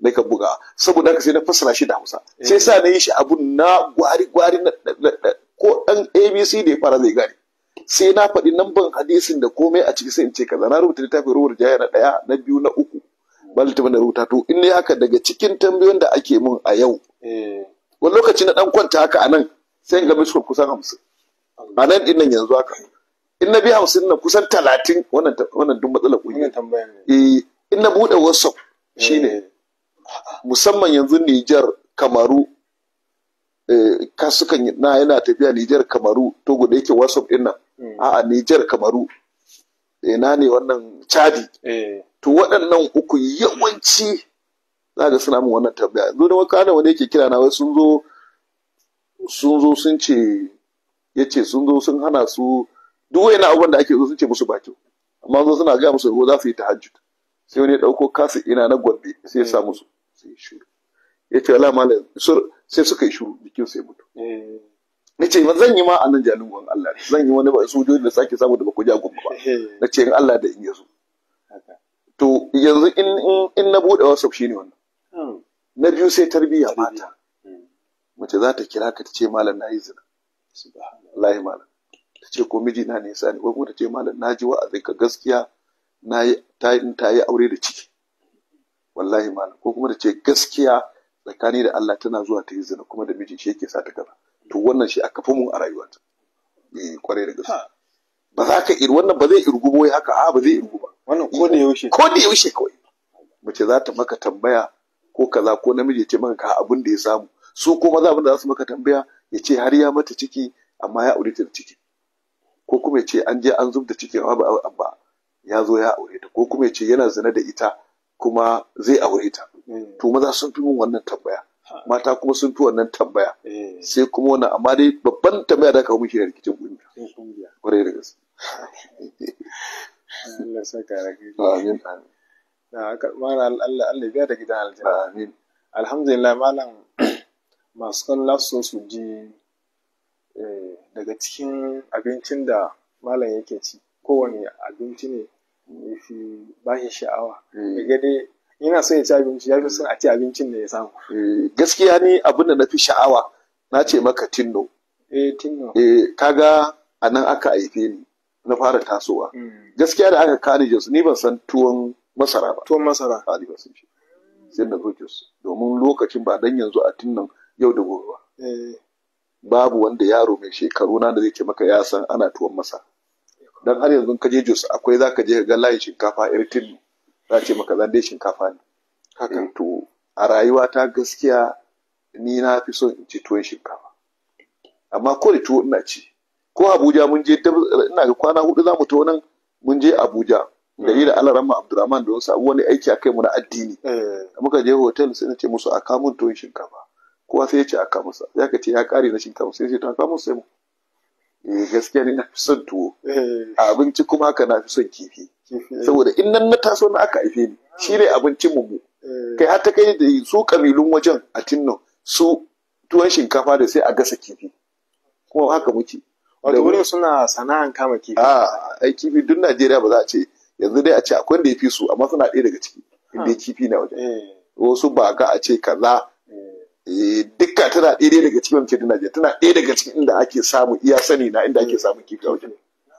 na ka buga saboda haka sai na fassara shi da Hausa sai sa na yi shi abun na gwari gwari na ko dan ABC da ya fara zai gane sai na faɗi namban hadisin da komai a ciki sai in ce kaza na rubuta littafin ruwar jaya na ɗaya na biyu na uku ba littafin da rubuta to in ne haka daga cikin tambayoyin da ake mun a yau eh. wani lokaci na dan kwanta haka a nan sai ga bishop kusan hamsin a nan din nan yanzu haka in na bi hamsin nan kusan talatin wannan duk matsalar kungiya eh, in na bude whatsapp shine eh. musamman yanzu Niger Kamaru kasukan na yana tafiya Niger Kamaru Togo da yake WhatsApp din nan hmm. a'a Niger Kamaru ina ne wannan chadi eh. to waɗannan uku yawanci za ga suna min wannan tabbaya zo da wani wani yake kira na wai sun zo sun zo sun ce ya ce sun zo sun hana su duk wani abubuwan da ake zo sun ce musu ba kyau amma zo suna gaya musu ko za su yi tahajjud sai wani ya ɗauko kasa ina na gombe sai ya sa eh. musu sai shuru ya ce wala malam sai suka yi shuru bikin sai mutu eh. na ce ba zan yi ma a nan jalubu Allah zan yi wani ba sojoji da sake samu da ba ku ji a ba na ce in Allah da in yazo to yanzu in na bude wasu shi ne wannan hmm. na biyu sai tarbiyya mata hmm. mace za ta kira ka ta ce malam na yi zina subhanallahi malam ta ce ko miji na ne sani ko kuma ta ce malam na ji wa'azin ka gaskiya na yi ta yi aure da ciki wallahi malam ko kuma ta ce gaskiya tsakani da Allah tana zuwa ta yi zina kuma da miji shi yake sa ta kaza to wannan shi aka fi mun a rayuwata eh kwarai da gaske ba za ka iri wannan ba zai irgu boye haka a ba zai irgu ba wannan ko da yaushe ko da yaushe kawai mace za ta maka tambaya ko kaza ko namiji ya ce maka ka abin da ya samu su ko maza abin da za su maka tambaya ya ce har ya mata ciki amma ya aure ta da ciki ko kuma ya ce an je an zubta ciki amma ba ya zo ya aure ta ko kuma ya ce yana zina da ita kuma zai aure ta hmm. to maza sun fi mun wannan tambaya mata kuma sun fi wannan tambaya eh. sai kuma wannan amma dai babban tambaya da aka kawo muke da rikicin kungiya kwarai da gaske Allah saka amin amin na mana Allah Allah biya da gidan aljanna amin alhamdulillah malam masu kallon so su ji eh, daga cikin abincin da malam yake ci kowane abinci ne ya fi ba shi sha'awa eh. ga dai yana so ya ci abinci ya fi son a ci abincin da ya samu eh, gaskiya ni abin da na fi sha'awa na ce maka tinno eh tinno eh kaga a nan aka haife ni na fara tasowa hmm. gaskiya da aka kare jos ni ban san tuwon masara ba tuwon masara a ba sun ce. sai na zo jos domin lokacin ba dan yanzu a tinnan yau da gobe ba eh. babu wanda yaro mai shekaru na da zai ce maka ya san ana tuwon masara dan har yanzu ka je jos akwai zaka je ka ga layin shinkafa irin tinno za ce maka zan dai shinkafa ne hakan eh to a rayuwa ta gaskiya ni na fi son in ci tuwon shinkafa amma ko da tuwo ina ci ko abuja mun je ina ga kwana hudu za mu tuwo nan mun je abuja da da alaran Abdulrahman don da wasu wani aiki a kai mu na addini eh. muka je hotel sai na ce musu a kamun tuwon shinkafa kowa sai ya ce a kamasa ya ka ce ya kare na shinkafa sai ya ce to a kamun sai mu Eh, gaskiya ni na fi son tuwo eh. a abinci kuma haka na fi son kifi eh. saboda in nan na taso na aka haife ni shi ne abincin mu kai har ta kai da su kabilun wajen a tinno su tuwon shinkafa da sai a gasa kifi kuma haka muke wato wurin suna sana'an kama kifi a ai kifi duk Najeriya ba za a ce yanzu dai a ce akwai da ya fi su amma suna ɗaya daga ciki ah. inda kifi na wajen wasu ba ga a ce kaza Eh, dukka tana ɗaya daga cikin wanke dinaje tana ɗaya daga cikin inda ake samu iya sani na inda ake samun kifi a wajen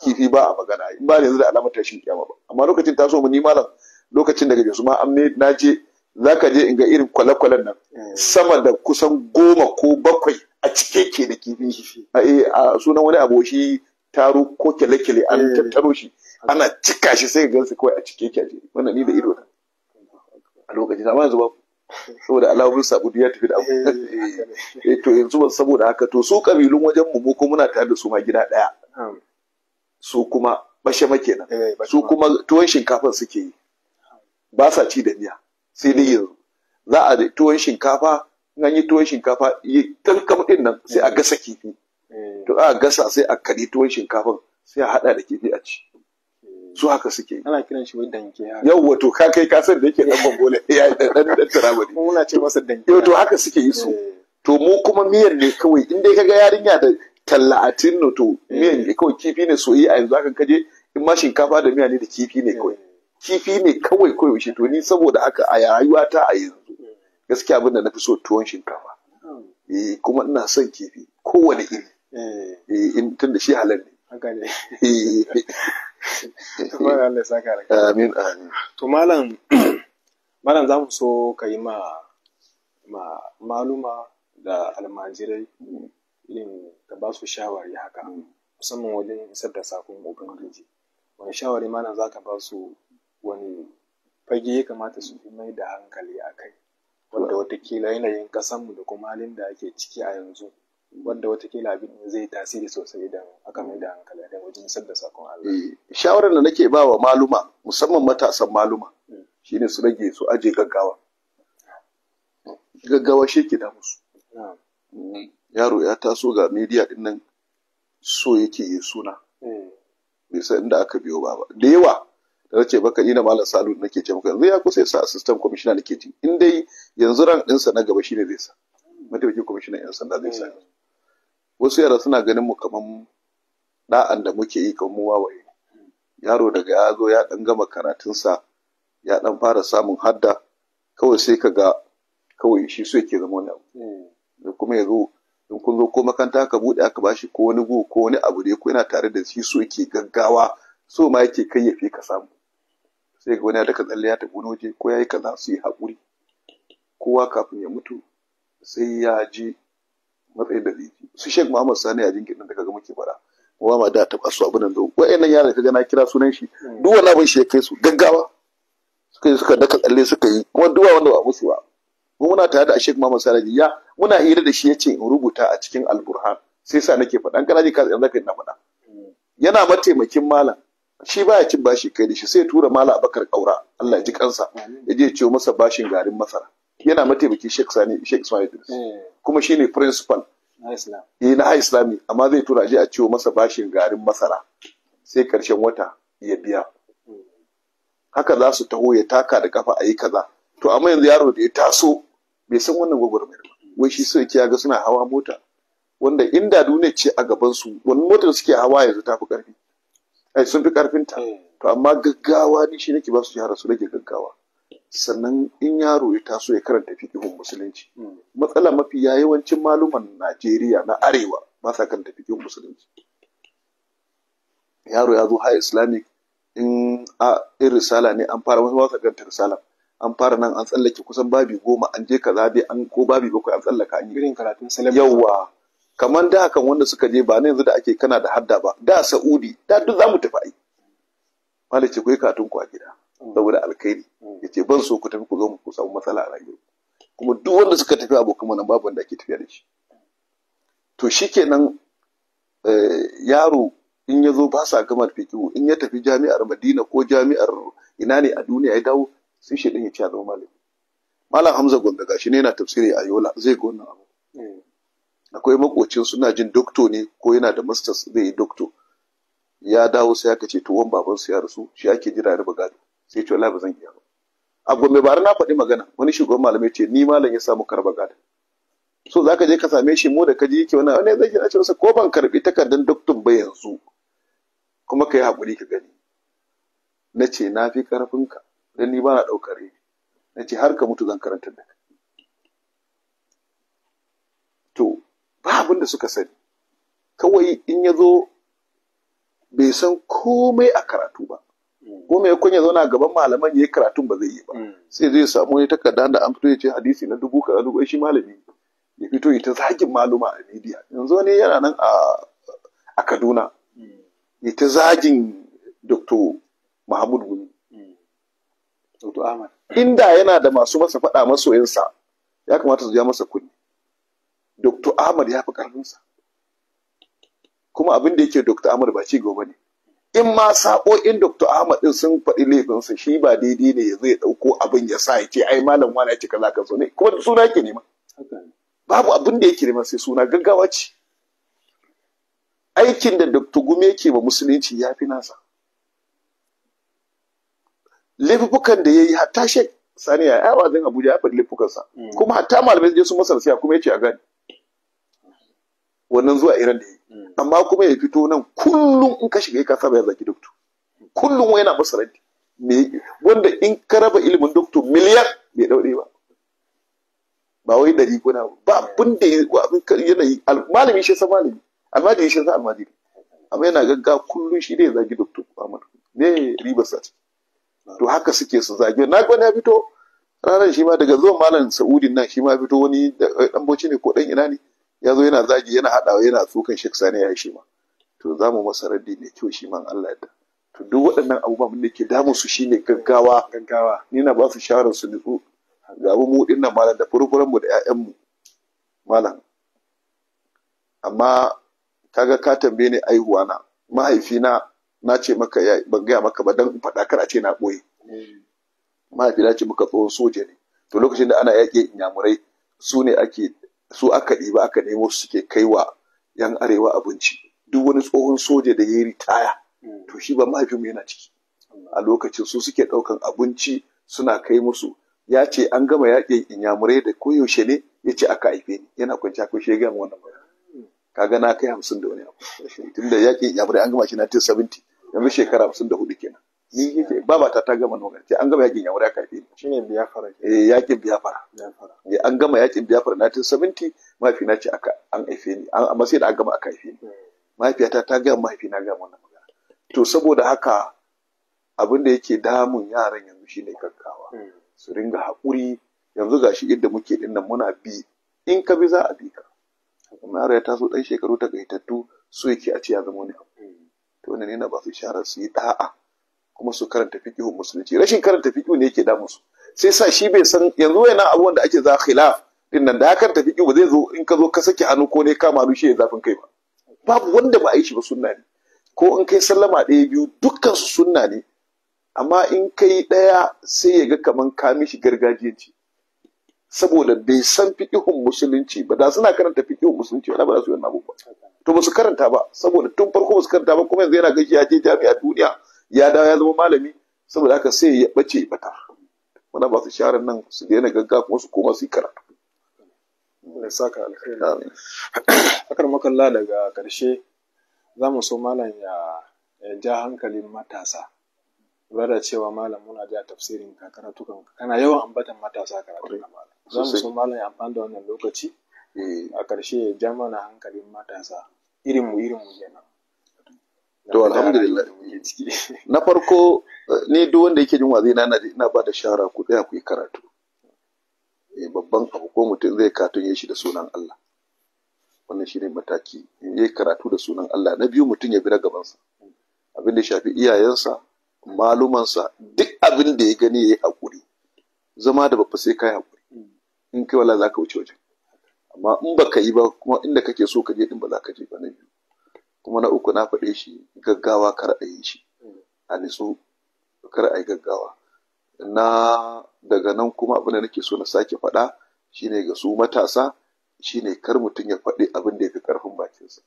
kifi ba a magana in ba yanzu da alamar tashin kiyama ba amma lokacin taso mu ni malam lokacin daga jinsu ma an na je za ka je in ga irin kwale-kwalen nan eh. sama da kusan goma ko bakwai a cike ke da kifi shi eh, a sunan wani aboshi taro ko kele-kele an tattaro shi ana cika shi sai gansu kawai a cike ke wannan ni da ido a lokacin amma yanzu babu saboda alawun sabudi ya tafi da abu eh, eh, eh to yanzu ba saboda haka to su kabilun wajen mu mu muna tare da su ma gida daya su kuma bashe kenan eh, su kuma tuwon shinkafan suke yi ba sa ci da miya sai dai yanzu za a tuwon shinkafa in an yi tuwon shinkafa yi talkam din nan sai a gasa kifi to a gasa sai a kari tuwon shinkafan sai a hada da kifi a ci su haka suke ana kiran shi wai danke yau wato ka kai kasar da yake dan bangole ya yi dan dan turabari muna ce masa danke yau to haka suke yi su eh. to mu kuma miyan ne kawai in dai kaga yarinya da talla a no to eh. miyan ne kawai kifi ne soyi a yanzu haka kaje in ma shinkafa da miya ne da kifi ne kawai eh. kifi ne kawai kawai shi to ni saboda haka a rayuwa ta a yanzu gaskiya abin da na fi so tuwon shinkafa hmm. eh kuma ina son kifi kowane iri eh in tunda shi halal ne ne. To malam malam za mu so ka yi ma maluma da almajirai yin ka ba su shawari haka musamman wajen isar da sakon ubangiji wani shawari malam za ka ba su wani fage ya kamata su fi mai da hankali a kai wanda watakila yanayin kasanmu da kuma halin da ake ciki a yanzu wata watakila abin zai tasiri sosai idan aka mai da hankali da wajen isar da sakon Allah. Eh, shawarar da nake ba wa maluma musamman matasan maluma hmm. shine su rage su aje gaggawa. Gaggawa shi ke musu. Hmm, yaro ya taso ga media din nan so yake yi suna. Hmm. Bai san inda aka biyo ba da yawa da nace baka ina malam salu nake ce maka yanzu ya kusa sa assistant commissioner nake ji in dai yanzu ran dinsa na gaba shine zai sa mataimakin commissioner yan sanda zai sa wasu yara suna ganin mu kaman da'an da muke yi kaman mu wawaye yaro daga ya zo ya dan gama karatunsa ya ɗan fara samun hadda kawai sai ka ga kawai shi so yake zama wani abu hmm. kuma ya zo in kun zo ko makanta ka bude aka bashi ko wani go ko wani abu da ko yana tare da shi so yake gaggawa so ma yake kai ya fi ka samu sai ga wani ya daka tsalle ya tafi wani waje ko ya yi kaza su yi haƙuri kowa kafin ya mutu sai ya je matsayin da zai su Sheikh Muhammad Sani a jinkin da ga muke faɗa wa ma da taɓa su abin da wayannan yaran kaga na kira sunan shi hmm. duk wani abin shi ya kai su gaggawa suka yi suka daka tsalle suka yi kuma duk wanda ba musu ba mu muna tare da Sheikh Muhammad Sani ya muna hira da shi yace in rubuta a cikin al sai sa nake faɗa kana ji ka yanzu kai na faɗa hmm. yana mataimakin malam shi baya cin bashi kai da shi sai tura malam Abakar Kaura Allah ya ji kansa ya je ya ciwo masa bashin garin masara yana mataimaki Sheikh Sani Sheikh Ismail Idris eh. kuma shine principal na Islam eh na Islami amma zai tura je a ciwo masa bashin garin masara sai karshen wata ya biya hmm. haka za su taho ya taka da kafa a yi kaza to amma yanzu yaro da ya taso bai san wannan gwagwarmayar ba wai shi sai ga suna hawa mota wanda inda duniya ce a gaban su wani motar suke hawa yanzu ta fi karfi ai sun fi karfin ta eh. to amma gaggawa ni shi nake ba su jihar su nake gaggawa sannan in yaro ya taso ya karanta fiƙihun musulunci matsala mafi ya yawancin maluman najeriya na arewa ba sa karanta fiƙihun musulunci yaro ya zo ha islamic in a in risala ne an fara wasu ba sa karanta risala an fara nan an tsallake kusan babi goma an je kaza dai an ko babi bakwai an tsallaka an yi irin karatun salama yawa kamar da hakan wanda suka je ba ne yanzu da ake kana da hadda ba da sa'udi da duk za mu tafi ai malice kai katun ku a gida saboda alkhairi hmm. ce, ban so ku tafi ku zo mu ku samu matsala a rayuwa. kuma duk wanda suka tafi abokan mu babu wanda ake tafiya da shi to shi kenan eh, yaro in ya zo ba sa gama fikiru, in ya tafi jami'ar Madina ko jami'ar ina ne a duniya ya dawo sai shi din ya ci zama malami malam Hamza Gombe gashi ne yana tafsiri a Yola zai ga wannan abu hmm. akwai makocin suna jin dokto ne ko yana da masters zai yi dokto ya dawo sai aka ce to baban ya rasu shi ake jira ya gado sai ce wallahi ba zan iya ba a gombe bara na faɗi magana wani shugaban malamai ce ni malam ya samu karba gada so zaka je ka same shi mu da kaji yake wani wani zai ce masa ko ban karbi takardar doktor ba yanzu kuma ka yi haƙuri ka gani na ce na fi ka don ni ba na ɗaukar yi. na ce har ka mutu zan karantar da to ba abin da suka sani kawai in ya zo bai san komai a karatu ba ko mai kun ya zauna gaban malaman yayi karatun ba zai yi ba hmm. sai zai samu ne takarda da an fito ya ce hadisi na dubu kaza dubu shi malami ya fito ita zagin maluma a media yanzu ne yana nan a Kaduna hmm. ita zagin Dr. Mahmud Gumi hmm. Dr. Ahmad inda yana da masu masa faɗa masoyinsa ya kamata su ja masa kuɗi Dr. Ahmad ya fi ƙarfinsa kuma abin da yake Dr. Ahmad ba ci gobe ne in ma sa'o'in Dr. Ahmad din sun faɗi laifinsa shi ba daidai ne ya zai ɗauko abin ya sa ya ce ai malam wani ce kaza kaza ne kuma suna yake nema babu abin da yake nema sai suna gaggawa ce aikin da Dr. Gume yake ba musulunci ya fi nasa laifukan da ya yi hatta shek sani ya wazin zan Abuja ya faɗi laifukansa mm. kuma hatta malamai je su masar siya kuma ya ce a gani wannan zuwa irin da yi hmm. amma kuma ya fito nan kullum in ka shiga ka saba ya zaki doktor kullum wai yana masa raddi wanda in ka raba ilimin doktor miliyan bai daure ba ba wai dari na ba abin da yanayi malami shi sa malami almajiri shi sa almajiri amma yana gagga kullum shi ne zagi doktor Muhammad ne riba sa to haka suke su zagi na wani ya fito ranar shi ma daga zuwan malam Saudi nan shi ma fito wani dan eh, boci ne ko dan ina ne ya zo yana zagi yana haɗawa yana tsukan Sheikh Sani ya shi ma to za mu masa raddi mai kyau shi man Allah ya to duk waɗannan abubuwan da ke damun su shine gaggawa gaggawa ni na ba su shawarar su nutsu ga mu din nan malam da furfuran mu da ƴaƴan mu malam amma kaga ka tambaye ni aihuwa na mahaifina na ce maka ban gaya maka ba dan faɗa kar a ce na ɓoye mm. mahaifina ce muka tsohon soja ne to lokacin da ana yaƙi inyamurai su ne ake su aka ɗiba aka nemo su suke kai wa yan arewa abinci duk wani tsohon soja da ya yi ritaya mm. to shi ba mahaifinmu yana ciki a lokacin su suke ɗaukan abinci suna kai musu ya ce an gama yaƙin inyamurai da koyaushe ne ya ce aka haife ni yana kwanci ko shi ya gama wannan Ka gana kai hamsin da wani abu tunda yaƙin inyamurai an gama shi na 1970 yanzu shekara hamsin da hudu kenan ni yake baba ta ta gama nogar ce an gama yakin yamura ya karfe shine biyafara eh yakin biyafara biyafara eh, an gama yakin biyafara 1970 mafi na ce aka an haife ni an amma sai da an gama aka haife ni hmm. mahaifiyata ta gama mahaifi na gama wannan magana to saboda haka abin da yake damun yaran yanzu shine gaggawa hmm. su ringa haƙuri yanzu gashi yadda muke dinnan muna bi in ka bi za a bi ka amma yaro ya taso ɗan shekaru ta takaitattu so yake a ce ya zama wani abu hmm. to ne na ba su shara su yi da'a kuma su karanta fiƙihun musulunci rashin karanta fiqhu ne yake damu su sai sa shi bai san yanzu yana abubuwan da ake za khilaf din nan da ya karanta fiqhu ba zai zo in ka zo ka saki hannu ko ne ka hannu shi ya zafin kai ba babu wanda ba a yi shi ba sunna ne ko in kai sallama ɗaya biyu dukkan su sunna ne amma in kai ɗaya sai ya ga kaman ka mishi gargajiyanci saboda bai san fiƙihun musulunci ba da suna karanta fiqhun musulunci wala ba za su yi wannan abubuwa to ba su karanta ba saboda tun farko ba su karanta ba kuma yanzu yana gashi ya je jami'a duniya ya dawo ya zama malami saboda haka sai ya bace ya bata muna ba su sharan nan su daina kuma su koma su yi karatu ne saka alkhairi akar makalla daga karshe za mu so malam ya ja hankalin matasa lura da cewa malam muna ja tafsirin ka karatu kan kana yawan ambatan matasa karatu na malam za mu so malam ya amfani da wannan lokaci eh. a karshe ya ja mana hankalin matasa irin mu irin mu kenan to alhamdulillah na farko eh, ni duk wanda yake jin wazi na ina ba da shahara ku tsaya ku yi karatu eh, babban abu ko mutum zai katunye shi da sunan Allah wannan shine mataki in yi karatu da sunan Allah na biyu mutum ya bi na gabansa abin da shafi iyayensa malumansa duk abin da ya gani ya yi hakuri zama da babba sai kai hakuri in kai wala za ka wuce wajen amma in baka yi ba kuma inda kake so ka je din ba za ka je ba na biyu kuma na uku na faɗe shi gaggawa kar a yi shi a nitsu kar a yi gaggawa na daga nan kuma abin da nake so na sake faɗa shine ga su matasa shine kar mutum ya faɗi abin da ya fi ƙarfin bakinsa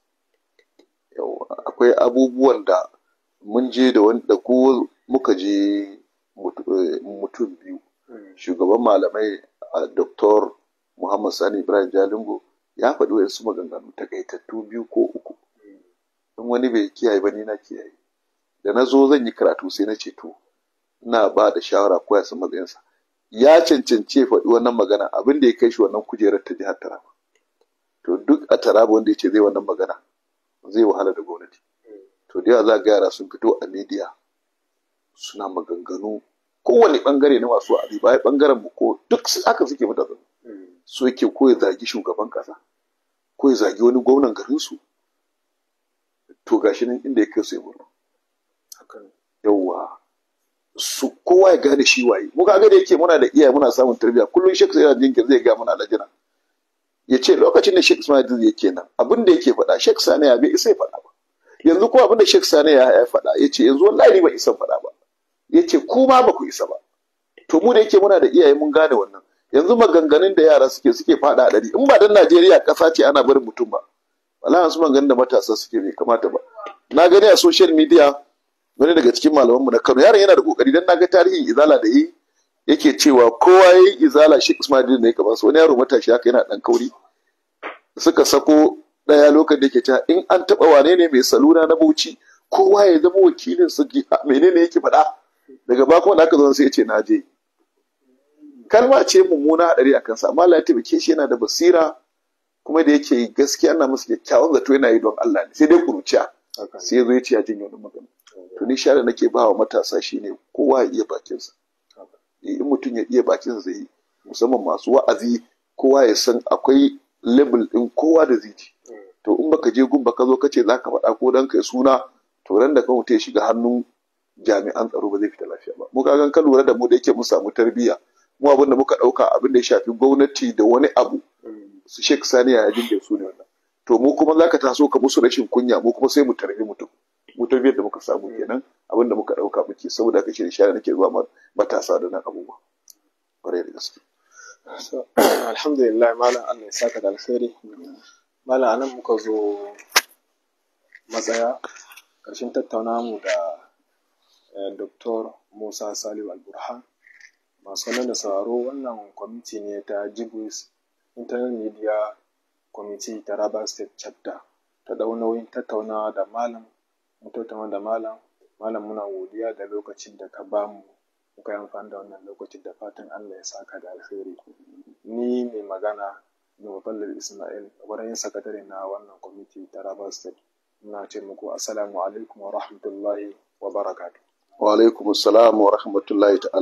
akwai abubuwan da mun je da wanda ko muka je eh, mutum biyu shugaban malamai a Dr. Muhammad Sani Ibrahim Jalingo ya faɗi wa wasu maganganu takaitattu biyu ko uku in wani bai kiyaye ba ni na kiyaye da na zo zan yi karatu sai na ce to ina ba da shawara ko ya san matsayinsa ya cancance faɗi wannan magana abin da ya kai shi wannan kujerar ta jihar taraba to duk a taraba wanda ya ce zai wannan magana zai wahala da gwamnati to da yawa za ga yara sun fito a media suna maganganu kowane bangare na masu a bai bangaren mu ko duk haka suke mutane hmm. so yake ko ya zagi shugaban kasa ko ya zagi wani gwamnan garinsu to gashi nan inda ya kai su ya yawwa su kowa ya gane shi waye mu ga da yake muna da iyaye muna samun tarbiyya kullum shek sai jinki zai ga muna alajina ya ce lokacin da shek ismail yake nan abin da yake faɗa shek sani ya bai isa ya faɗa ba yanzu kuma abin da shek sani ya faɗa ya ce yanzu wallahi ba isa faɗa ba ya ce ku ma ba ku isa ba to mu da yake muna da iyaye mun gane wannan yanzu maganganun da yara suke suke faɗa a ɗari in ba dan najeriya ƙasa ce ana barin mutum ba wallahi su maganganun da matasa suke bai kamata ba na gani a social media wani daga cikin malamanmu na Kano yaron yana da kokari dan naga tarihin izala da yi yake cewa kowa yayi izala shi Ismail ne kamar su wani yaro matashi haka yana dan kauri suka sako daya lokacin da yake ta. in an taba wane ne mai saluna na Bauchi kowa ya zama wakilin su ah, menene yake faɗa daga bako wanda aka zo sai ya ce na je kalma ce mummuna hadari a kansa amma Allah ya shi yana da basira kuma da yake gaskiya na musu kyakkyawan zato yana yi don Allah ne sai dai kuruciya sai zai zo ya ce ya jin wani magana to ni shara nake ba wa matasa shine kowa ya iya bakinsa eh, in mutum ya iya bakinsa zai yi musamman masu wa'azi kowa ya san akwai level din kowa da zai ji hmm. to in baka je gun baka zo kace zaka faɗa ko dan kai suna to ran da ka mutu ya shiga hannun jami'an tsaro ba zai fita lafiya ba mu kagan ka lura da mu da yake mu samu tarbiyya mu abin da muka ɗauka abin da ya shafi gwamnati da wani abu hmm. su shek saniya ya jinge su ne wannan to mu kuma za ka taso ka musu rashin kunya mu kuma sai mu tarbi mutum mu da muka samu kenan abinda muka ɗauka muke saboda haka da shari'a nake zuwa matasa da nan abubuwa kwarai da gaske alhamdulillah malam Allah ya saka da alkhairi malam anan muka zo matsaya ƙarshen tattauna mu da eh, Dr. Musa Salihu Alburhan masu nan da sauraro wannan kwamiti ne ta Jibris Internet Media Committee Taraba State Chapter ta ɗau nauyin tattaunawa da malam. Mun tattauna da malam, malam muna godiya da lokacin da ka ba mu muka yi amfani da wannan lokacin da fatan Allah ya saka da alheri. Ni mai magana Nubafallar Ismail, wurin sakatare na wannan kwamiti Taraba State. Muna ce muku Assalamu alaikum wa rahmatullahi wa barakatuh. Wa alaikum assalam wa rahmatullahi ta'ala.